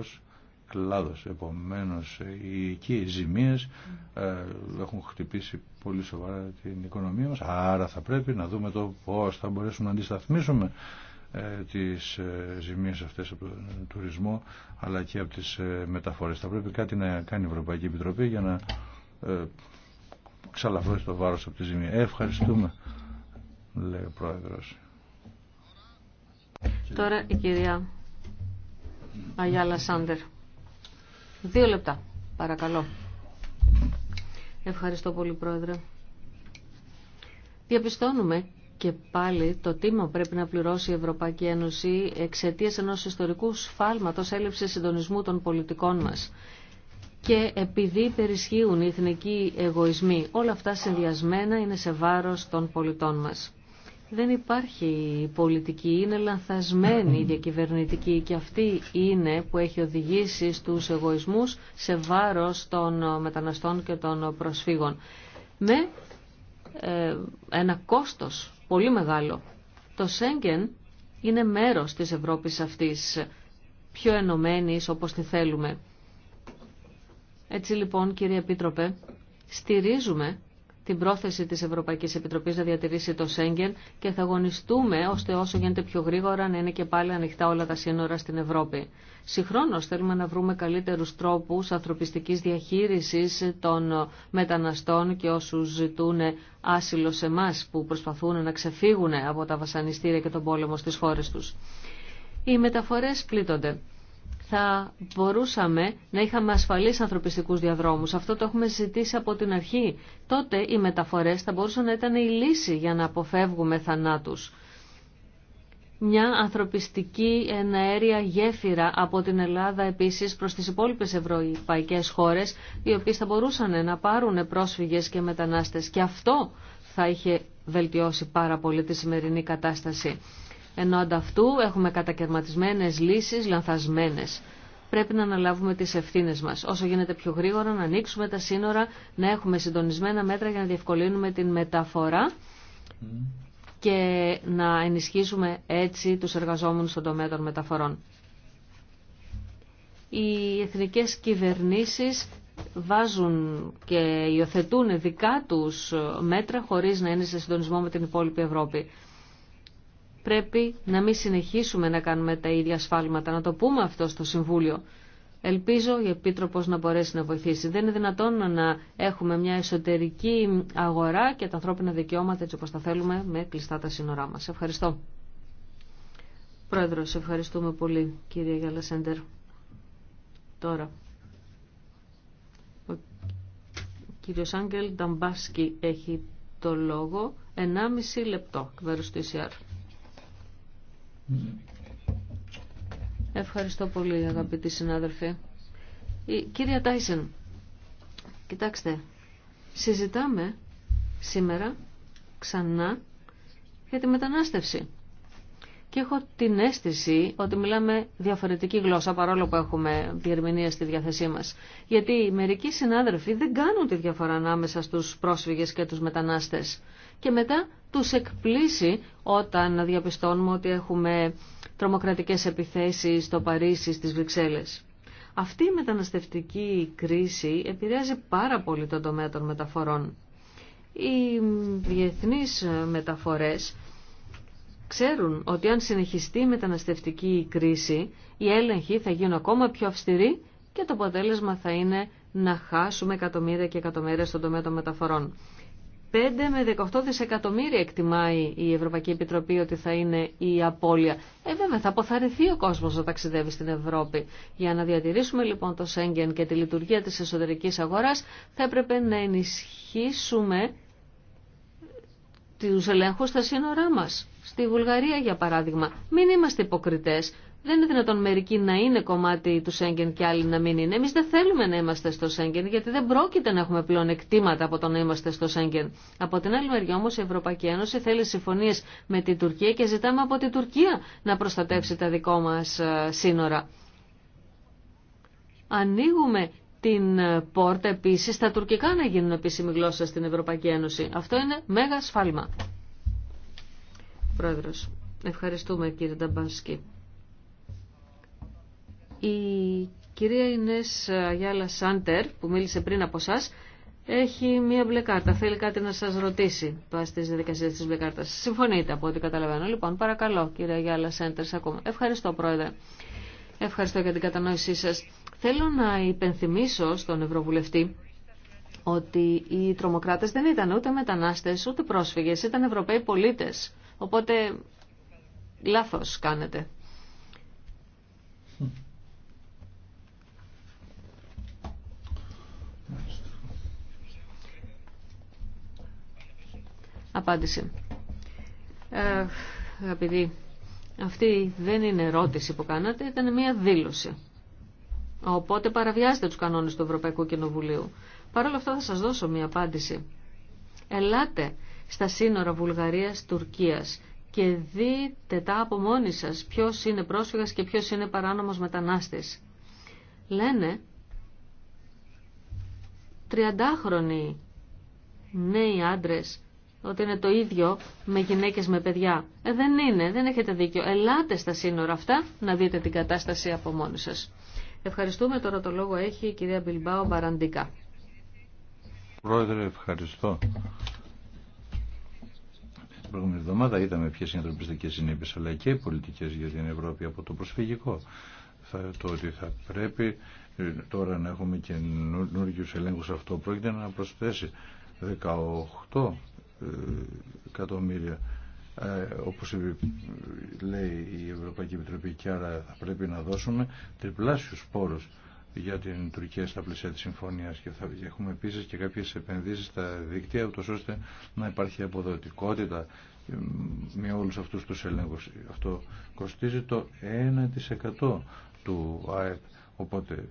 κλάδο. Επομένω, οι εκεί οι ζημίες ε, έχουν χτυπήσει πολύ σοβαρά την οικονομία μα. άρα θα πρέπει να δούμε το πώ θα μπορέσουμε να αντισταθμίσουμε τι ε, τις αυτέ ε, ζημίες αυτές από τον τουρισμό, αλλά και από τις μεταφορές. Θα πρέπει κάτι να κάνει η Ευρωπαϊκή Επιτροπή για να ε, ξαλαφρώσει το βάρος από τη ζημία. Ευχαριστούμε λέει ο Τώρα η κυρία Αγιάλα Σάντερ. Δύο λεπτά, παρακαλώ. Ευχαριστώ πολύ, Πρόεδρε. Διαπιστώνουμε και πάλι το τίμο πρέπει να πληρώσει η Ευρωπαϊκή Ένωση εξαιτία ενό ιστορικού σφάλματο έλλειψης συντονισμού των πολιτικών μας. Και επειδή υπερισχύουν οι εθνικοί εγωισμοί, όλα αυτά συνδυασμένα είναι σε βάρο των πολιτών μα δεν υπάρχει πολιτική, είναι λανθασμένη η [clears throat] διακυβερνητική και αυτή είναι που έχει οδηγήσει στους εγωισμούς σε βάρος των μεταναστών και των προσφύγων. Με ε, ένα κόστος πολύ μεγάλο. Το Σέγγεν είναι μέρος της Ευρώπης αυτής, πιο ενωμένης όπως τη θέλουμε. Έτσι λοιπόν κύριε Επίτροπε, στηρίζουμε την πρόθεση της Ευρωπαϊκής Επιτροπής να διατηρήσει το Σέγγεν και θα αγωνιστούμε ώστε όσο γίνεται πιο γρήγορα να είναι και πάλι ανοιχτά όλα τα σύνορα στην Ευρώπη. Συγχρόνως θέλουμε να βρούμε καλύτερους τρόπους ανθρωπιστικής διαχείρισης των μεταναστών και όσου ζητούν άσυλο σε εμά που προσπαθούν να ξεφύγουν από τα βασανιστήρια και τον πόλεμο στις χώρες τους. Οι μεταφορές πλήττονται θα μπορούσαμε να είχαμε ασφαλείς ανθρωπιστικούς διαδρόμους. Αυτό το έχουμε ζητήσει από την αρχή. Τότε οι μεταφορές θα μπορούσαν να ήταν η λύση για να αποφεύγουμε θανάτους. Μια ανθρωπιστική εναέρια γέφυρα από την Ελλάδα επίσης προς τις υπόλοιπες ευρωπαϊκές χώρες, οι οποίες θα μπορούσαν να πάρουν πρόσφυγες και μετανάστες. Και αυτό θα είχε βελτιώσει πάρα πολύ τη σημερινή κατάσταση. Ενώ ανταυτού έχουμε κατακαιρματισμένες λύσεις, λανθασμένες. Πρέπει να αναλάβουμε τις ευθύνες μας. Όσο γίνεται πιο γρήγορα να ανοίξουμε τα σύνορα, να έχουμε συντονισμένα μέτρα για να διευκολύνουμε την μεταφορά και να ενισχύσουμε έτσι τους εργαζόμενους στον τομέα των μεταφορών. Οι εθνικές κυβερνήσεις βάζουν και υιοθετούν δικά τους μέτρα χωρίς να είναι σε συντονισμό με την υπόλοιπη Ευρώπη πρέπει να μην συνεχίσουμε να κάνουμε τα ίδια σφάλματα, να το πούμε αυτό στο Συμβούλιο. Ελπίζω η επίτροπο να μπορέσει να βοηθήσει. Δεν είναι δυνατόν να έχουμε μια εσωτερική αγορά και τα ανθρώπινα δικαιώματα έτσι όπω τα θέλουμε με κλειστά τα σύνορά μα. Ευχαριστώ. Πρόεδρος, ευχαριστούμε πολύ κύριε Γαλασέντερ. Τώρα. Ο κύριος Άγγελ Νταμπάσκι έχει το λόγο. 1,5 λεπτό κυβέρνηση του Ευχαριστώ πολύ αγαπητοί συνάδελφοι. Η κυρία Τάισεν, κοιτάξτε, συζητάμε σήμερα ξανά για τη μετανάστευση. Και έχω την αίσθηση ότι μιλάμε διαφορετική γλώσσα παρόλο που έχουμε διερμηνία στη διάθεσή μας. Γιατί μερικοί συνάδελφοι δεν κάνουν τη διαφορά ανάμεσα στους πρόσφυγες και τους μετανάστες. Και μετά τους εκπλήσει όταν διαπιστώνουμε ότι έχουμε τρομοκρατικές επιθέσεις στο Παρίσι, στις Βρυξέλλες. Αυτή η μεταναστευτική κρίση επηρεάζει πάρα πολύ τον τομέα των μεταφορών. Οι διεθνείς μεταφορές ξέρουν ότι αν συνεχιστεί η μεταναστευτική κρίση, οι έλεγχοι θα γίνουν ακόμα πιο αυστηροί και το αποτέλεσμα θα είναι να χάσουμε εκατομμύρια και εκατομμύρια στον τομέα των μεταφορών. 5 με 18 δισεκατομμύρια εκτιμάει η Ευρωπαϊκή Επιτροπή ότι θα είναι η απώλεια. Ε, βέβαια, θα αποθαρρυνθεί ο κόσμο να ταξιδεύει στην Ευρώπη. Για να διατηρήσουμε λοιπόν το Σέγγεν και τη λειτουργία τη εσωτερική αγορά, θα έπρεπε να ενισχύσουμε του ελέγχου στα σύνορά μα. Στη Βουλγαρία, για παράδειγμα. Μην είμαστε υποκριτέ. Δεν είναι δυνατόν μερικοί να είναι κομμάτι του Σέγγεν και άλλοι να μην είναι. Εμεί δεν θέλουμε να είμαστε στο Σέγγεν, γιατί δεν πρόκειται να έχουμε πλέον εκτίματα από το να είμαστε στο Σέγγεν. Από την άλλη μεριά όμω η Ευρωπαϊκή Ένωση θέλει συμφωνίε με την Τουρκία και ζητάμε από την Τουρκία να προστατεύσει τα δικό μα ε, σύνορα. Ανοίγουμε την ε, πόρτα επίση στα τουρκικά να γίνουν επίσημη γλώσσα στην Ευρωπαϊκή Ένωση. Αυτό είναι μέγα σφάλμα. Πρόεδρος, ευχαριστούμε κύριε Νταμπάσκη. Η κυρία Ινές Γιάλα Σάντερ, που μίλησε πριν από εσά, έχει μία μπλε κάρτα. Θέλει κάτι να σας ρωτήσει πάνω στις διαδικασίες της μπλε κάρτας. Συμφωνείτε από ό,τι καταλαβαίνω. Λοιπόν, παρακαλώ, κυρία Γιάλα Σάντερ, ακόμα. Ευχαριστώ, Πρόεδρε. Ευχαριστώ για την κατανόησή σας. Θέλω να υπενθυμίσω στον Ευρωβουλευτή ότι οι τρομοκράτες δεν ήταν ούτε μετανάστες, ούτε πρόσφυγες, ήταν Ευρωπαίοι πολίτε Οπότε λάθος κάνετε. Απάντηση. Ε, αυτή δεν είναι ερώτηση που κάνατε, ήταν μια δήλωση. Οπότε παραβιάζετε τους κανόνες του Ευρωπαϊκού Κοινοβουλίου. Παρ' όλα αυτά θα σας δώσω μια απάντηση. Ελάτε στα σύνορα Βουλγαρίας-Τουρκίας και δείτε τα από μόνοι σας ποιος είναι πρόσφυγας και ποιος είναι παράνομος μετανάστης. Λένε 30χρονοι νέοι άντρες ότι είναι το ίδιο με γυναίκες με παιδιά. Ε, δεν είναι, δεν έχετε δίκιο. Ελάτε στα σύνορα αυτά να δείτε την κατάσταση από μόνοι σας. Ευχαριστούμε. Τώρα το λόγο έχει η κυρία Μπιλμπάο Μπαραντικά. Πρόεδρε, ευχαριστώ. Την προηγούμενη εβδομάδα είδαμε ποιε είναι οι ανθρωπιστικέ συνέπειε αλλά και οι πολιτικέ για την Ευρώπη από το προσφυγικό. Θα, το ότι θα πρέπει ε, τώρα να έχουμε καινούργιου ελέγχου αυτό πρόκειται να προσθέσει 18 εκατομμύρια ε, όπως λέει η Ευρωπαϊκή Επιτροπή και άρα θα πρέπει να δώσουμε τριπλάσιους πόρους για την Τουρκία στα πλαίσια της συμφωνίας και θα έχουμε επίσης και κάποιες επενδύσεις στα δικτύα ώστε να υπάρχει αποδοτικότητα ε, με όλους αυτούς τους ελέγχους. Αυτό κοστίζει το 1% του ΑΕΠ. Οπότε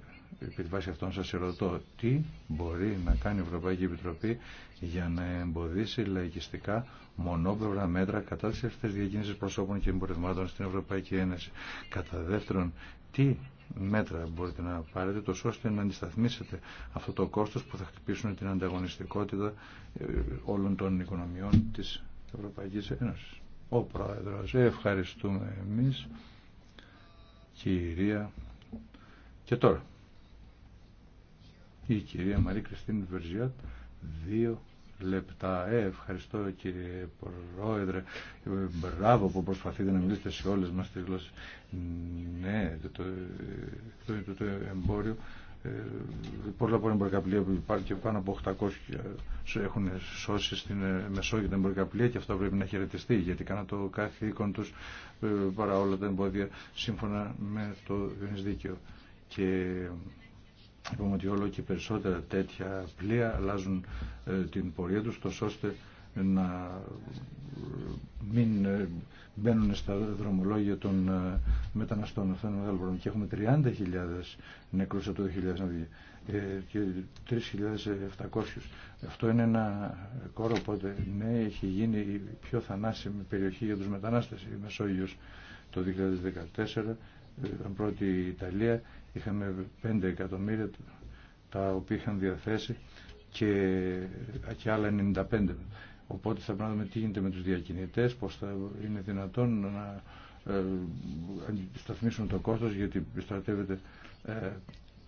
επί τη βάση αυτών σας ερωτώ τι μπορεί να κάνει η Ευρωπαϊκή Επιτροπή για να εμποδίσει λαϊκιστικά μονόπλευρα μέτρα κατά της ευθές διακίνησης προσώπων και εμπορευμάτων στην Ευρωπαϊκή Ένωση. Κατά δεύτερον, τι μέτρα μπορείτε να πάρετε τόσο ώστε να αντισταθμίσετε αυτό το κόστος που θα χτυπήσουν την ανταγωνιστικότητα ε, όλων των οικονομιών της Ευρωπαϊκής Ένωσης. Ο Πρόεδρος, ευχαριστούμε εμείς, κυρία. Και τώρα η κυρία Μαρή Κριστίν Βερζιότ, δύο λεπτά. Ε, ευχαριστώ κύριε Πρόεδρε. Ε, μπράβο που προσπαθείτε να μιλήσετε σε όλες μας τις γλώσσες. Ναι, το, το, το, το εμπόριο ε, πολλά από εμπορικά πλοία που υπάρχει και πάνω από 800 έχουν σώσει στην ε, Μεσόγειο τα εμπορικά πλοία και αυτό πρέπει να χαιρετιστεί γιατί κάνα το κάθε οίκον τους παρά όλα τα εμπόδια σύμφωνα με το δίκαιο. Είπαμε ότι όλο και περισσότερα τέτοια πλοία αλλάζουν ε, την πορεία τους, τόσο ώστε να ε, μην ε, μπαίνουν στα δρομολόγια των μεταναστών. αυτών των μεγάλο πρόβλημα. Και έχουμε 30.000 νεκρούς από το 2002 και 3.700. Αυτό είναι ένα κόρο, οπότε ναι, έχει γίνει η πιο θανάσιμη περιοχή για τους μετανάστες, η Μεσόγειος το 2014 ήταν πρώτη η Ιταλία, είχαμε 5 εκατομμύρια τα οποία είχαν διαθέσει και, και άλλα 95. Οπότε θα πρέπει να δούμε τι γίνεται με τους διακινητές, πώς θα είναι δυνατόν να ε, σταθμίσουν το κόστος γιατί στρατεύεται ε,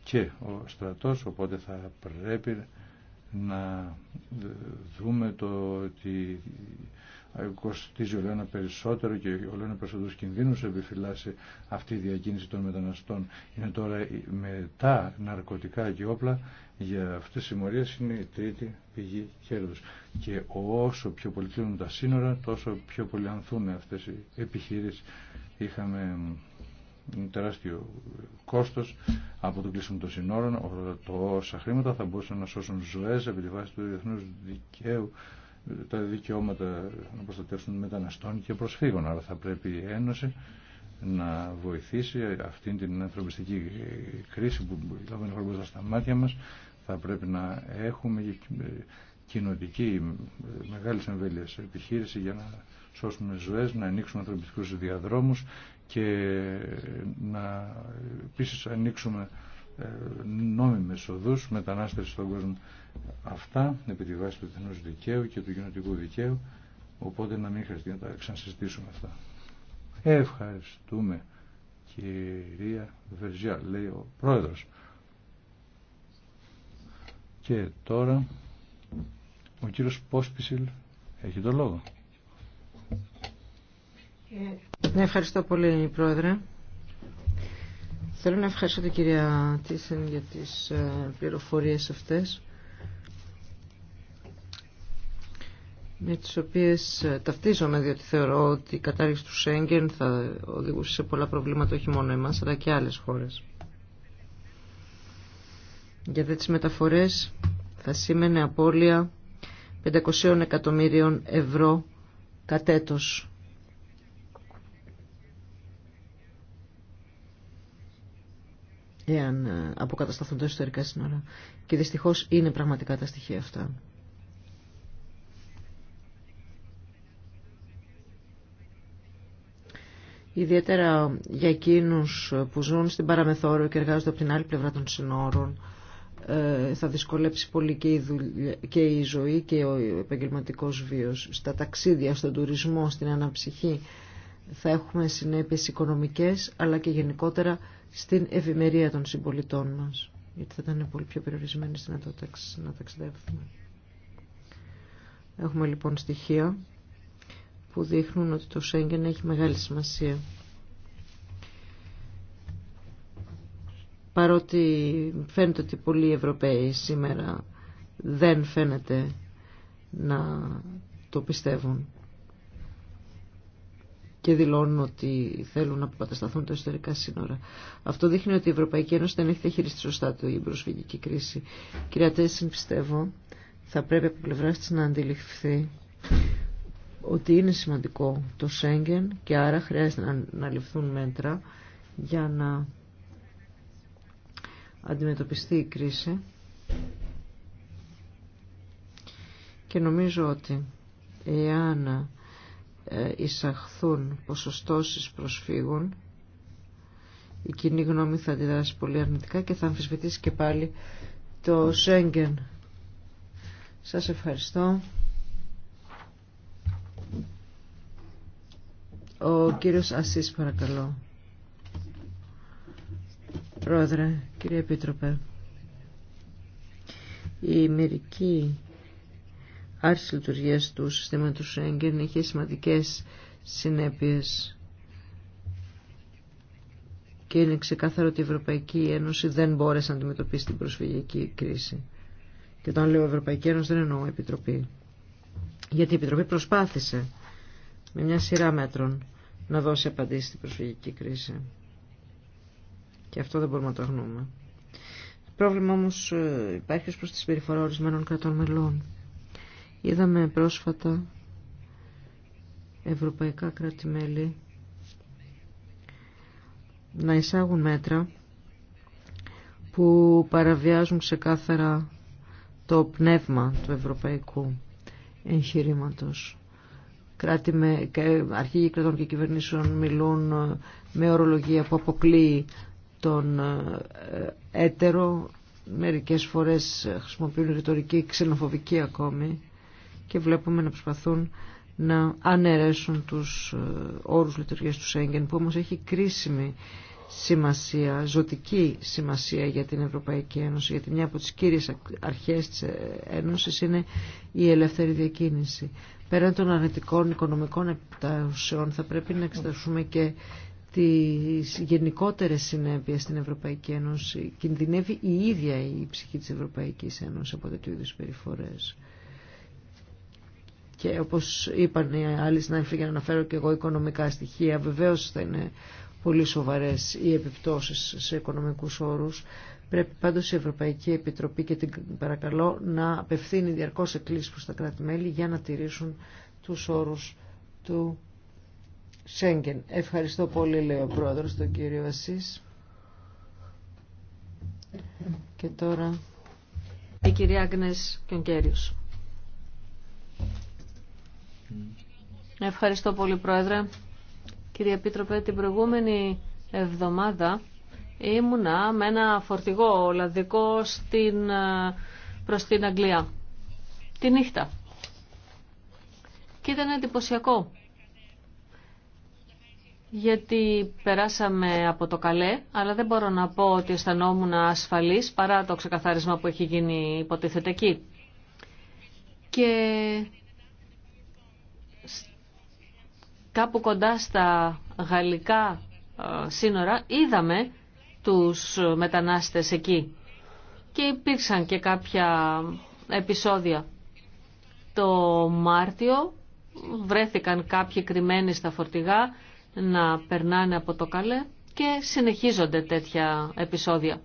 και ο στρατός οπότε θα πρέπει να δούμε το ότι κοστίζει ολένα ένα περισσότερο και ολένα ένα περισσότερου κινδύνου επιφυλάσσει αυτή η διακίνηση των μεταναστών. Είναι τώρα με τα ναρκωτικά και όπλα για αυτές τις συμμορίες είναι η τρίτη πηγή κέρδους. Και όσο πιο πολύ κλείνουν τα σύνορα, τόσο πιο πολύ ανθούν αυτές οι επιχείρησεις. Είχαμε τεράστιο κόστος από το κλείσιμο των σύνορων. Τόσα χρήματα θα μπορούσαν να σώσουν ζωές επί τη βάση του διεθνούς δικαίου τα δικαιώματα να προστατεύσουν μεταναστών και προσφύγων. Άρα θα πρέπει η Ένωση να βοηθήσει αυτήν την ανθρωπιστική κρίση που λάβαμε λοιπόν, στα μάτια μας. Θα πρέπει να έχουμε κοινοτική μεγάλη εμβέλεια επιχείρηση για να σώσουμε ζωές, να ανοίξουμε ανθρωπιστικούς διαδρόμους και να επίσης ανοίξουμε νόμιμες οδούς μετανάστευση στον κόσμο. Αυτά επί τη βάση του δικαίου και του κοινωτικού δικαίου, οπότε να μην χρειαστεί να τα ξανασυζητήσουμε αυτά. Ευχαριστούμε κυρία Βερζιά, λέει ο πρόεδρος. Και τώρα ο κύριος Πόσπισιλ έχει το λόγο. Ευχαριστώ πολύ, Πρόεδρε. Θέλω να ευχαριστήσω την κυρία Τίσεν για τις ε, πληροφορίες αυτές με τις οποίες ε, ταυτίζομαι διότι θεωρώ ότι η κατάργηση του Σέγγεν θα οδηγούσε σε πολλά προβλήματα όχι μόνο εμάς αλλά και άλλες χώρες. Για δε τις μεταφορές θα σήμαινε απώλεια 500 εκατομμύριων ευρώ κατέτος εάν ε, αποκατασταθούν τα ιστορικά σύνορα. Και δυστυχώς είναι πραγματικά τα στοιχεία αυτά. Ιδιαίτερα για εκείνους που ζουν στην παραμεθόρο και εργάζονται από την άλλη πλευρά των συνόρων, ε, θα δυσκολέψει πολύ και η, δουλειά, και η ζωή και ο επαγγελματικός βίος. Στα ταξίδια, στον τουρισμό, στην αναψυχή θα έχουμε συνέπειες οικονομικές αλλά και γενικότερα στην ευημερία των συμπολιτών μας, γιατί θα ήταν πολύ πιο περιορισμένοι στην να ταξιδεύουμε. Έχουμε λοιπόν στοιχεία που δείχνουν ότι το Σέγγεν έχει μεγάλη σημασία. Παρότι φαίνεται ότι πολλοί Ευρωπαίοι σήμερα δεν φαίνεται να το πιστεύουν και δηλώνουν ότι θέλουν να αποκατασταθούν τα ιστορικά σύνορα. Αυτό δείχνει ότι η Ευρωπαϊκή Ένωση δεν έχει διαχειριστεί σωστά την προσφυγική κρίση. Κυρία Τέσσιν, πιστεύω, θα πρέπει από πλευρά τη να αντιληφθεί ότι είναι σημαντικό το Σέγγεν και άρα χρειάζεται να ληφθούν μέτρα για να αντιμετωπιστεί η κρίση και νομίζω ότι εάν ε, εισαχθούν ποσοστώσεις προσφύγων η κοινή γνώμη θα αντιδράσει πολύ αρνητικά και θα αμφισβητήσει και πάλι το Σέγγεν. Σας ευχαριστώ. Ο κύριος Ασής παρακαλώ. Πρόεδρε, κύριε Επίτροπε, η μερική άρση λειτουργίας του συστήματος Σέγγεν είχε σημαντικές συνέπειες και είναι ξεκάθαρο ότι η Ευρωπαϊκή Ένωση δεν μπόρεσε να αντιμετωπίσει την προσφυγική κρίση. Και όταν λέω Ευρωπαϊκή Ένωση δεν εννοώ Επιτροπή. Γιατί η Επιτροπή προσπάθησε με μια σειρά μέτρων να δώσει απαντήσει στην προσφυγική κρίση. Και αυτό δεν μπορούμε να το αγνούμε. Πρόβλημα όμως ε, υπάρχει ως προς τη συμπεριφορά ορισμένων κρατών μελών. Είδαμε πρόσφατα ευρωπαϊκά κράτη-μέλη να εισάγουν μέτρα που παραβιάζουν ξεκάθαρα το πνεύμα του ευρωπαϊκού εγχειρήματος. Κράτη με, αρχηγοί κρατών και κυβερνήσεων μιλούν ε, με ορολογία που αποκλείει τον ε, έτερο, μερικές φορές ε, χρησιμοποιούν ρητορική ξενοφοβική ακόμη και βλέπουμε να προσπαθούν να αναιρέσουν τους ε, όρους λειτουργίας του Σέγγεν που όμως έχει κρίσιμη σημασία, ζωτική σημασία για την Ευρωπαϊκή Ένωση γιατί μια από τις κύριες αρχές της ε, Ένωσης είναι η ελεύθερη διακίνηση. Πέραν των αρνητικών οικονομικών επιτάσεων θα πρέπει να εξετάσουμε και τις γενικότερες συνέπειες στην Ευρωπαϊκή Ένωση. Κινδυνεύει η ίδια η ψυχή της Ευρωπαϊκής Ένωσης από τέτοιου είδους περιφορές και όπως είπαν οι άλλοι να για να αναφέρω και εγώ οικονομικά στοιχεία βεβαίως θα είναι πολύ σοβαρές οι επιπτώσεις σε οικονομικούς όρους Πρέπει πάντως η Ευρωπαϊκή Επιτροπή και την παρακαλώ να απευθύνει διαρκώς εκκλήσεις προς τα κράτη-μέλη για να τηρήσουν τους όρους του Σέγγεν. Ευχαριστώ πολύ, λέει ο Πρόεδρος, τον κύριο Ασής. Και τώρα... Η κυρία Άγνες Κιονκέριος. Ευχαριστώ πολύ Πρόεδρε. Κύριε Επίτροπε, την προηγούμενη εβδομάδα ήμουνα με ένα φορτηγό Ολλανδικό στην, ε, προς την Αγγλία. Τη νύχτα. Και ήταν εντυπωσιακό. Γιατί περάσαμε από το καλέ, αλλά δεν μπορώ να πω ότι αισθανόμουν ασφαλής παρά το ξεκαθάρισμα που έχει γίνει υποτίθεται εκεί. Και κάπου κοντά στα γαλλικά ε, σύνορα είδαμε τους μετανάστες εκεί και υπήρξαν και κάποια επεισόδια. Το Μάρτιο βρέθηκαν κάποιοι κρυμμένοι στα φορτηγά να περνάνε από το καλέ και συνεχίζονται τέτοια επεισόδια.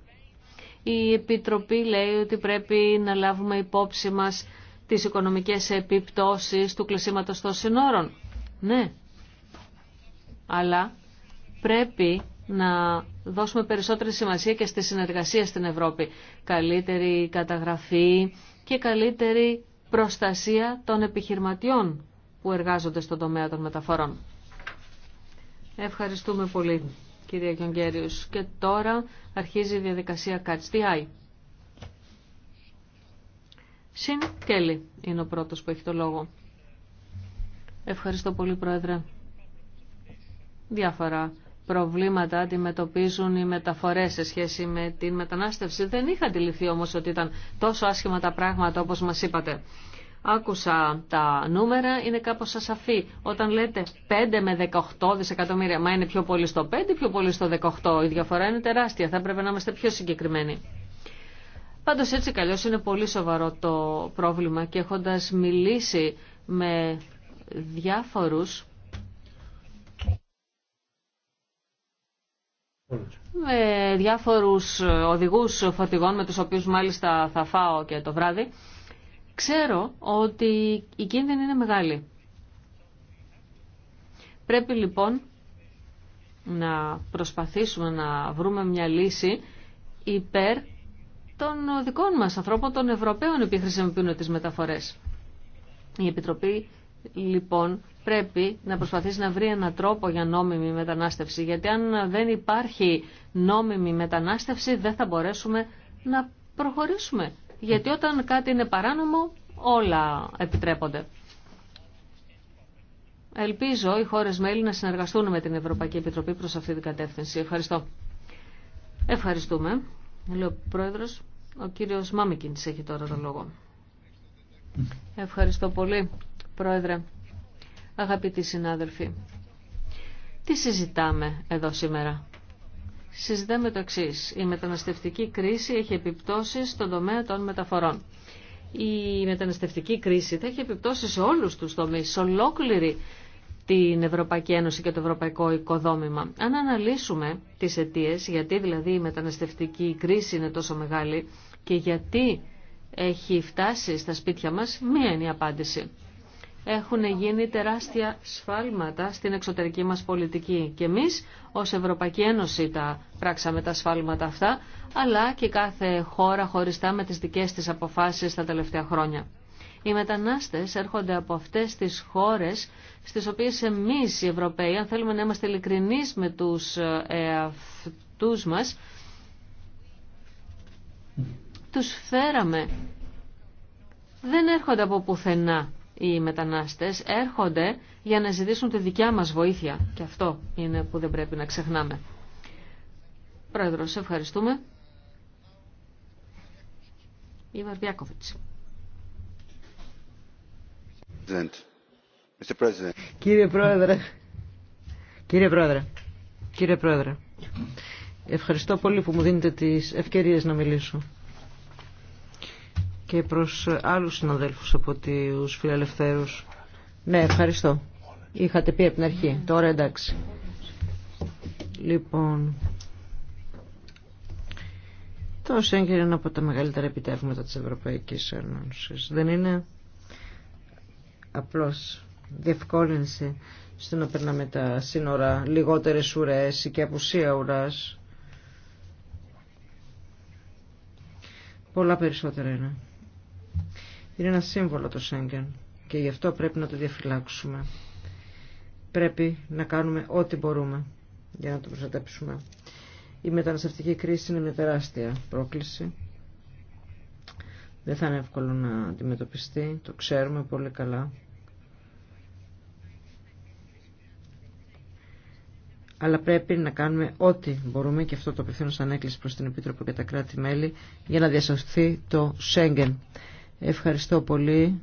Η Επιτροπή λέει ότι πρέπει να λάβουμε υπόψη μας τις οικονομικές επιπτώσεις του κλεισίματος των συνόρων. Ναι, αλλά πρέπει να δώσουμε περισσότερη σημασία και στη συνεργασία στην Ευρώπη. Καλύτερη καταγραφή και καλύτερη προστασία των επιχειρηματιών που εργάζονται στον τομέα των μεταφορών. Ευχαριστούμε πολύ, κυρία Γιονγκέριους. Και τώρα αρχίζει η διαδικασία Catch the Συν Κέλλη είναι ο πρώτος που έχει το λόγο. Ευχαριστώ πολύ, Πρόεδρε διάφορα προβλήματα αντιμετωπίζουν οι μεταφορές σε σχέση με την μετανάστευση. Δεν είχα αντιληφθεί όμως ότι ήταν τόσο άσχημα τα πράγματα όπως μας είπατε. Άκουσα τα νούμερα, είναι κάπως ασαφή. Όταν λέτε 5 με 18 δισεκατομμύρια, μα είναι πιο πολύ στο 5 ή πιο πολύ στο 18. Η διαφορά είναι τεράστια, θα έπρεπε να είμαστε πιο συγκεκριμένοι. Πάντως έτσι καλώ είναι πολύ σοβαρό το πρόβλημα και έχοντας μιλήσει με διάφορους με διάφορους οδηγούς φορτηγών με τους οποίους μάλιστα θα φάω και το βράδυ ξέρω ότι η κίνδυνη είναι μεγάλη. Πρέπει λοιπόν να προσπαθήσουμε να βρούμε μια λύση υπέρ των δικών μας ανθρώπων, των Ευρωπαίων που χρησιμοποιούν τις μεταφορές. Η Επιτροπή λοιπόν πρέπει να προσπαθήσει να βρει έναν τρόπο για νόμιμη μετανάστευση. Γιατί αν δεν υπάρχει νόμιμη μετανάστευση δεν θα μπορέσουμε να προχωρήσουμε. Γιατί όταν κάτι είναι παράνομο όλα επιτρέπονται. Ελπίζω οι χώρες μέλη να συνεργαστούν με την Ευρωπαϊκή Επιτροπή προς αυτή την κατεύθυνση. Ευχαριστώ. Ευχαριστούμε. Λέω ο ο κύριος Μάμικιντς έχει τώρα τον λόγο. Ευχαριστώ πολύ. Πρόεδρε, αγαπητοί συνάδελφοι, τι συζητάμε εδώ σήμερα. Συζητάμε το εξή. Η μεταναστευτική κρίση έχει επιπτώσει στον τομέα των μεταφορών. Η μεταναστευτική κρίση θα έχει επιπτώσει σε όλους τους τομείς, σε ολόκληρη την Ευρωπαϊκή Ένωση και το Ευρωπαϊκό Οικοδόμημα. Αν αναλύσουμε τις αιτίες, γιατί δηλαδή η μεταναστευτική κρίση είναι τόσο μεγάλη και γιατί έχει φτάσει στα σπίτια μας, μία είναι η απάντηση έχουν γίνει τεράστια σφάλματα στην εξωτερική μας πολιτική. Και εμείς ως Ευρωπαϊκή Ένωση τα πράξαμε τα σφάλματα αυτά, αλλά και κάθε χώρα χωριστά με τις δικές της αποφάσεις τα τελευταία χρόνια. Οι μετανάστες έρχονται από αυτές τις χώρες στις οποίες εμείς οι Ευρωπαίοι, αν θέλουμε να είμαστε ειλικρινεί με τους ε, εαυτούς μας, τους φέραμε. Δεν έρχονται από πουθενά οι μετανάστες έρχονται για να ζητήσουν τη δικιά μας βοήθεια. Και αυτό είναι που δεν πρέπει να ξεχνάμε. Πρόεδρος, ευχαριστούμε. Ιβαρ Βιάκοβιτς. Κύριε Πρόεδρε, κύριε Πρόεδρε, κύριε Πρόεδρε, ευχαριστώ πολύ που μου δίνετε τις ευκαιρίες να μιλήσω και προς άλλους συναδέλφους από τους φιλελευθέρους. Ναι, ευχαριστώ. Είχατε πει από την αρχή. Τώρα εντάξει. Λοιπόν, το Σέγγερ είναι από τα μεγαλύτερα επιτεύγματα της Ευρωπαϊκής Ένωσης. Δεν είναι απλώς διευκόλυνση στο να περνάμε τα σύνορα λιγότερες ουρές και απουσία ουράς. Πολλά περισσότερα είναι. Είναι ένα σύμβολο το Σέγγεν και γι' αυτό πρέπει να το διαφυλάξουμε. Πρέπει να κάνουμε ό,τι μπορούμε για να το προστατέψουμε. Η μεταναστευτική κρίση είναι μια τεράστια πρόκληση. Δεν θα είναι εύκολο να αντιμετωπιστεί, το ξέρουμε πολύ καλά. αλλά πρέπει να κάνουμε ό,τι μπορούμε και αυτό το απευθύνω σαν έκκληση προς την Επίτροπο και τα κράτη-μέλη για να διασωθεί το Σέγγεν. Ευχαριστώ πολύ.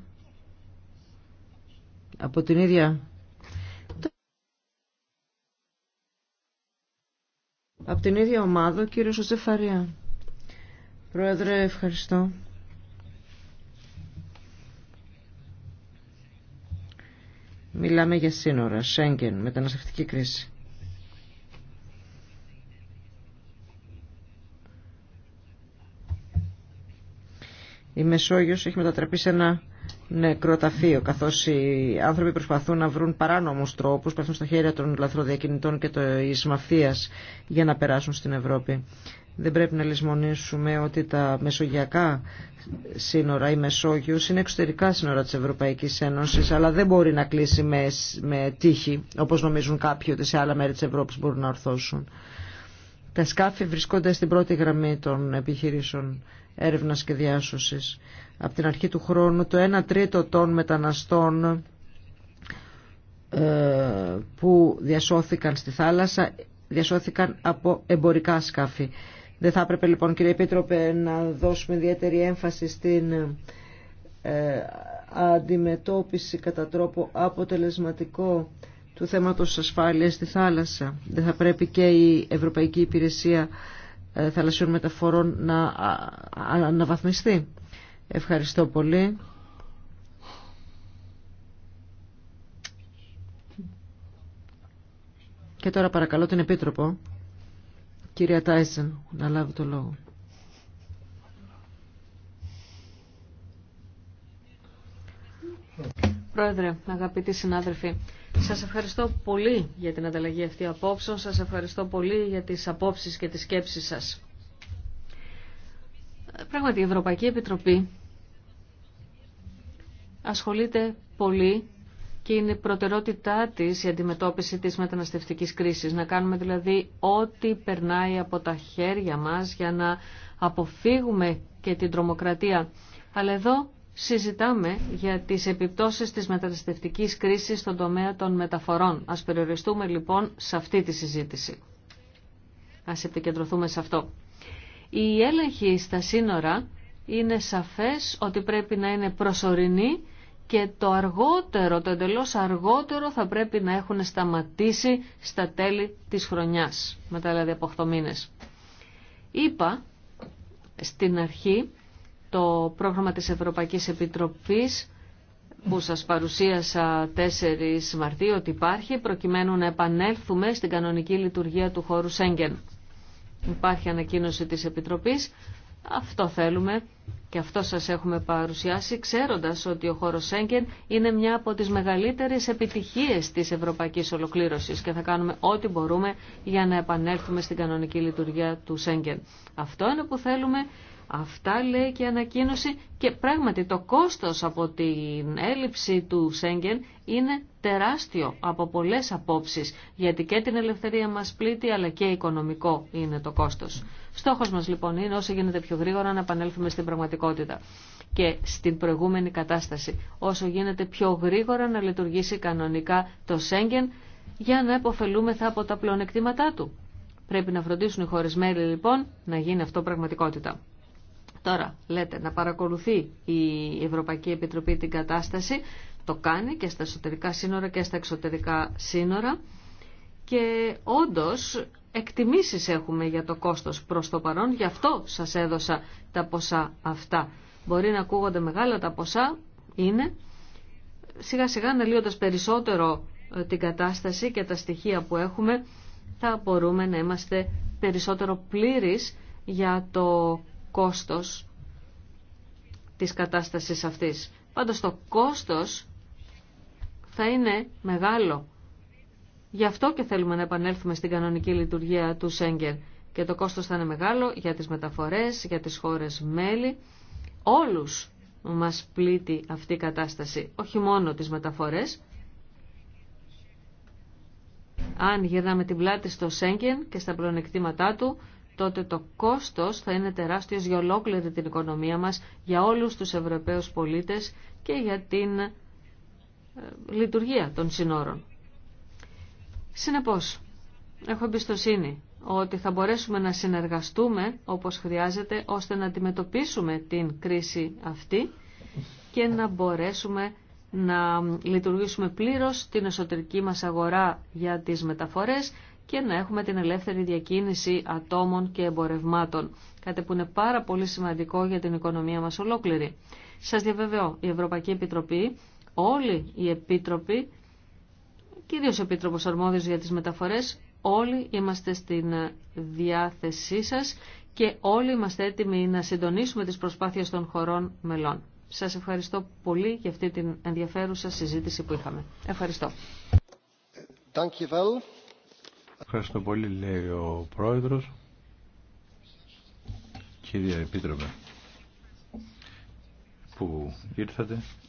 Από την ίδια... Από την ίδια ομάδα, κύριο κύριος Πρόεδρε, ευχαριστώ. Μιλάμε για σύνορα, Σέγγεν, μεταναστευτική κρίση. η Μεσόγειος έχει μετατραπεί σε ένα νεκροταφείο, καθώς οι άνθρωποι προσπαθούν να βρουν παράνομους τρόπους, πέφτουν στα χέρια των λαθροδιακινητών και της μαφίας για να περάσουν στην Ευρώπη. Δεν πρέπει να λησμονήσουμε ότι τα μεσογειακά σύνορα, η Μεσόγειος, είναι εξωτερικά σύνορα της Ευρωπαϊκής Ένωσης, αλλά δεν μπορεί να κλείσει με, με τύχη, όπως νομίζουν κάποιοι ότι σε άλλα μέρη της Ευρώπης μπορούν να ορθώσουν. Τα σκάφη βρισκόνται στην πρώτη γραμμή των επιχειρήσεων έρευνας και διάσωση Από την αρχή του χρόνου το 1 τρίτο των μεταναστών ε, που διασώθηκαν στη θάλασσα διασώθηκαν από εμπορικά σκάφη. Δεν θα έπρεπε λοιπόν κύριε Επίτροπε να δώσουμε ιδιαίτερη έμφαση στην ε, αντιμετώπιση κατά τρόπο αποτελεσματικό του θέματος ασφάλειας στη θάλασσα. Δεν θα πρέπει και η Ευρωπαϊκή Υπηρεσία ε, θαλασσιών μεταφορών να αναβαθμιστεί. Ευχαριστώ πολύ. Και τώρα παρακαλώ την Επίτροπο, κυρία Τάισεν, να λάβει το λόγο. Πρόεδρε, αγαπητοί συνάδελφοι, σας ευχαριστώ πολύ για την ανταλλαγή αυτή απόψεων. Σας ευχαριστώ πολύ για τις απόψεις και τις σκέψεις σας. Πράγματι, η Ευρωπαϊκή Επιτροπή ασχολείται πολύ και είναι προτερότητά της η αντιμετώπιση της μεταναστευτικής κρίσης. Να κάνουμε δηλαδή ό,τι περνάει από τα χέρια μας για να αποφύγουμε και την τρομοκρατία. Αλλά εδώ συζητάμε για τις επιπτώσεις της μεταναστευτικής κρίσης στον τομέα των μεταφορών. Ας περιοριστούμε λοιπόν σε αυτή τη συζήτηση. Ας επικεντρωθούμε σε αυτό. Η έλεγχοι στα σύνορα είναι σαφές ότι πρέπει να είναι προσωρινή και το αργότερο, το εντελώς αργότερο θα πρέπει να έχουν σταματήσει στα τέλη της χρονιάς, μετά δηλαδή από 8 μήνες. Είπα στην αρχή το πρόγραμμα της Ευρωπαϊκής Επιτροπής που σας παρουσίασα 4 Μαρτίου ότι υπάρχει προκειμένου να επανέλθουμε στην κανονική λειτουργία του χώρου Σέγγεν. Υπάρχει ανακοίνωση της Επιτροπής. Αυτό θέλουμε και αυτό σας έχουμε παρουσιάσει ξέροντας ότι ο χώρος Σέγγεν είναι μια από τις μεγαλύτερες επιτυχίες της ευρωπαϊκής ολοκλήρωσης και θα κάνουμε ό,τι μπορούμε για να επανέλθουμε στην κανονική λειτουργία του Σέγγεν. Αυτό είναι που θέλουμε Αυτά λέει και η ανακοίνωση και πράγματι το κόστος από την έλλειψη του Σέγγεν είναι τεράστιο από πολλές απόψεις γιατί και την ελευθερία μας πλήττει αλλά και οικονομικό είναι το κόστος. Στόχος μας λοιπόν είναι όσο γίνεται πιο γρήγορα να επανέλθουμε στην πραγματικότητα και στην προηγούμενη κατάσταση. Όσο γίνεται πιο γρήγορα να λειτουργήσει κανονικά το Σέγγεν για να επωφελούμεθα από τα πλεονεκτήματά του. Πρέπει να φροντίσουν οι χώρες μέλη λοιπόν να γίνει αυτό πραγματικότητα. Τώρα λέτε να παρακολουθεί η Ευρωπαϊκή Επιτροπή την κατάσταση, το κάνει και στα εσωτερικά σύνορα και στα εξωτερικά σύνορα και όντως εκτιμήσεις έχουμε για το κόστος προς το παρόν, γι' αυτό σας έδωσα τα ποσά αυτά. Μπορεί να ακούγονται μεγάλα τα ποσά, είναι σιγά σιγά αναλύοντας περισσότερο ε, την κατάσταση και τα στοιχεία που έχουμε θα μπορούμε να είμαστε περισσότερο πλήρεις για το κόστος της κατάστασης αυτής. Πάντως το κόστος θα είναι μεγάλο. Γι' αυτό και θέλουμε να επανέλθουμε στην κανονική λειτουργία του Σέγγεν. Και το κόστος θα είναι μεγάλο για τις μεταφορές, για τις χώρες μέλη. Όλους μας πλήττει αυτή η κατάσταση, όχι μόνο τις μεταφορές. Αν γυρνάμε την πλάτη στο Σέγγεν και στα πλονεκτήματά του, τότε το κόστος θα είναι τεράστιος για ολόκληρη την οικονομία μας, για όλους τους Ευρωπαίους πολίτες και για την ε, λειτουργία των συνόρων. Συνεπώς, έχω εμπιστοσύνη ότι θα μπορέσουμε να συνεργαστούμε όπως χρειάζεται ώστε να αντιμετωπίσουμε την κρίση αυτή και να μπορέσουμε να λειτουργήσουμε πλήρως την εσωτερική μας αγορά για τις μεταφορές και να έχουμε την ελεύθερη διακίνηση ατόμων και εμπορευμάτων, κάτι που είναι πάρα πολύ σημαντικό για την οικονομία μας ολόκληρη. Σας διαβεβαιώ, η Ευρωπαϊκή Επιτροπή, όλοι οι επίτροποι, κυρίως ο Επίτροπος Αρμόδιος για τις Μεταφορές, όλοι είμαστε στην διάθεσή σας και όλοι είμαστε έτοιμοι να συντονίσουμε τις προσπάθειες των χωρών μελών. Σας ευχαριστώ πολύ για αυτή την ενδιαφέρουσα συζήτηση που είχαμε. Ευχαριστώ. Thank you Ευχαριστώ πολύ, λέει ο Πρόεδρος. Κύριε Επίτροπε, που ήρθατε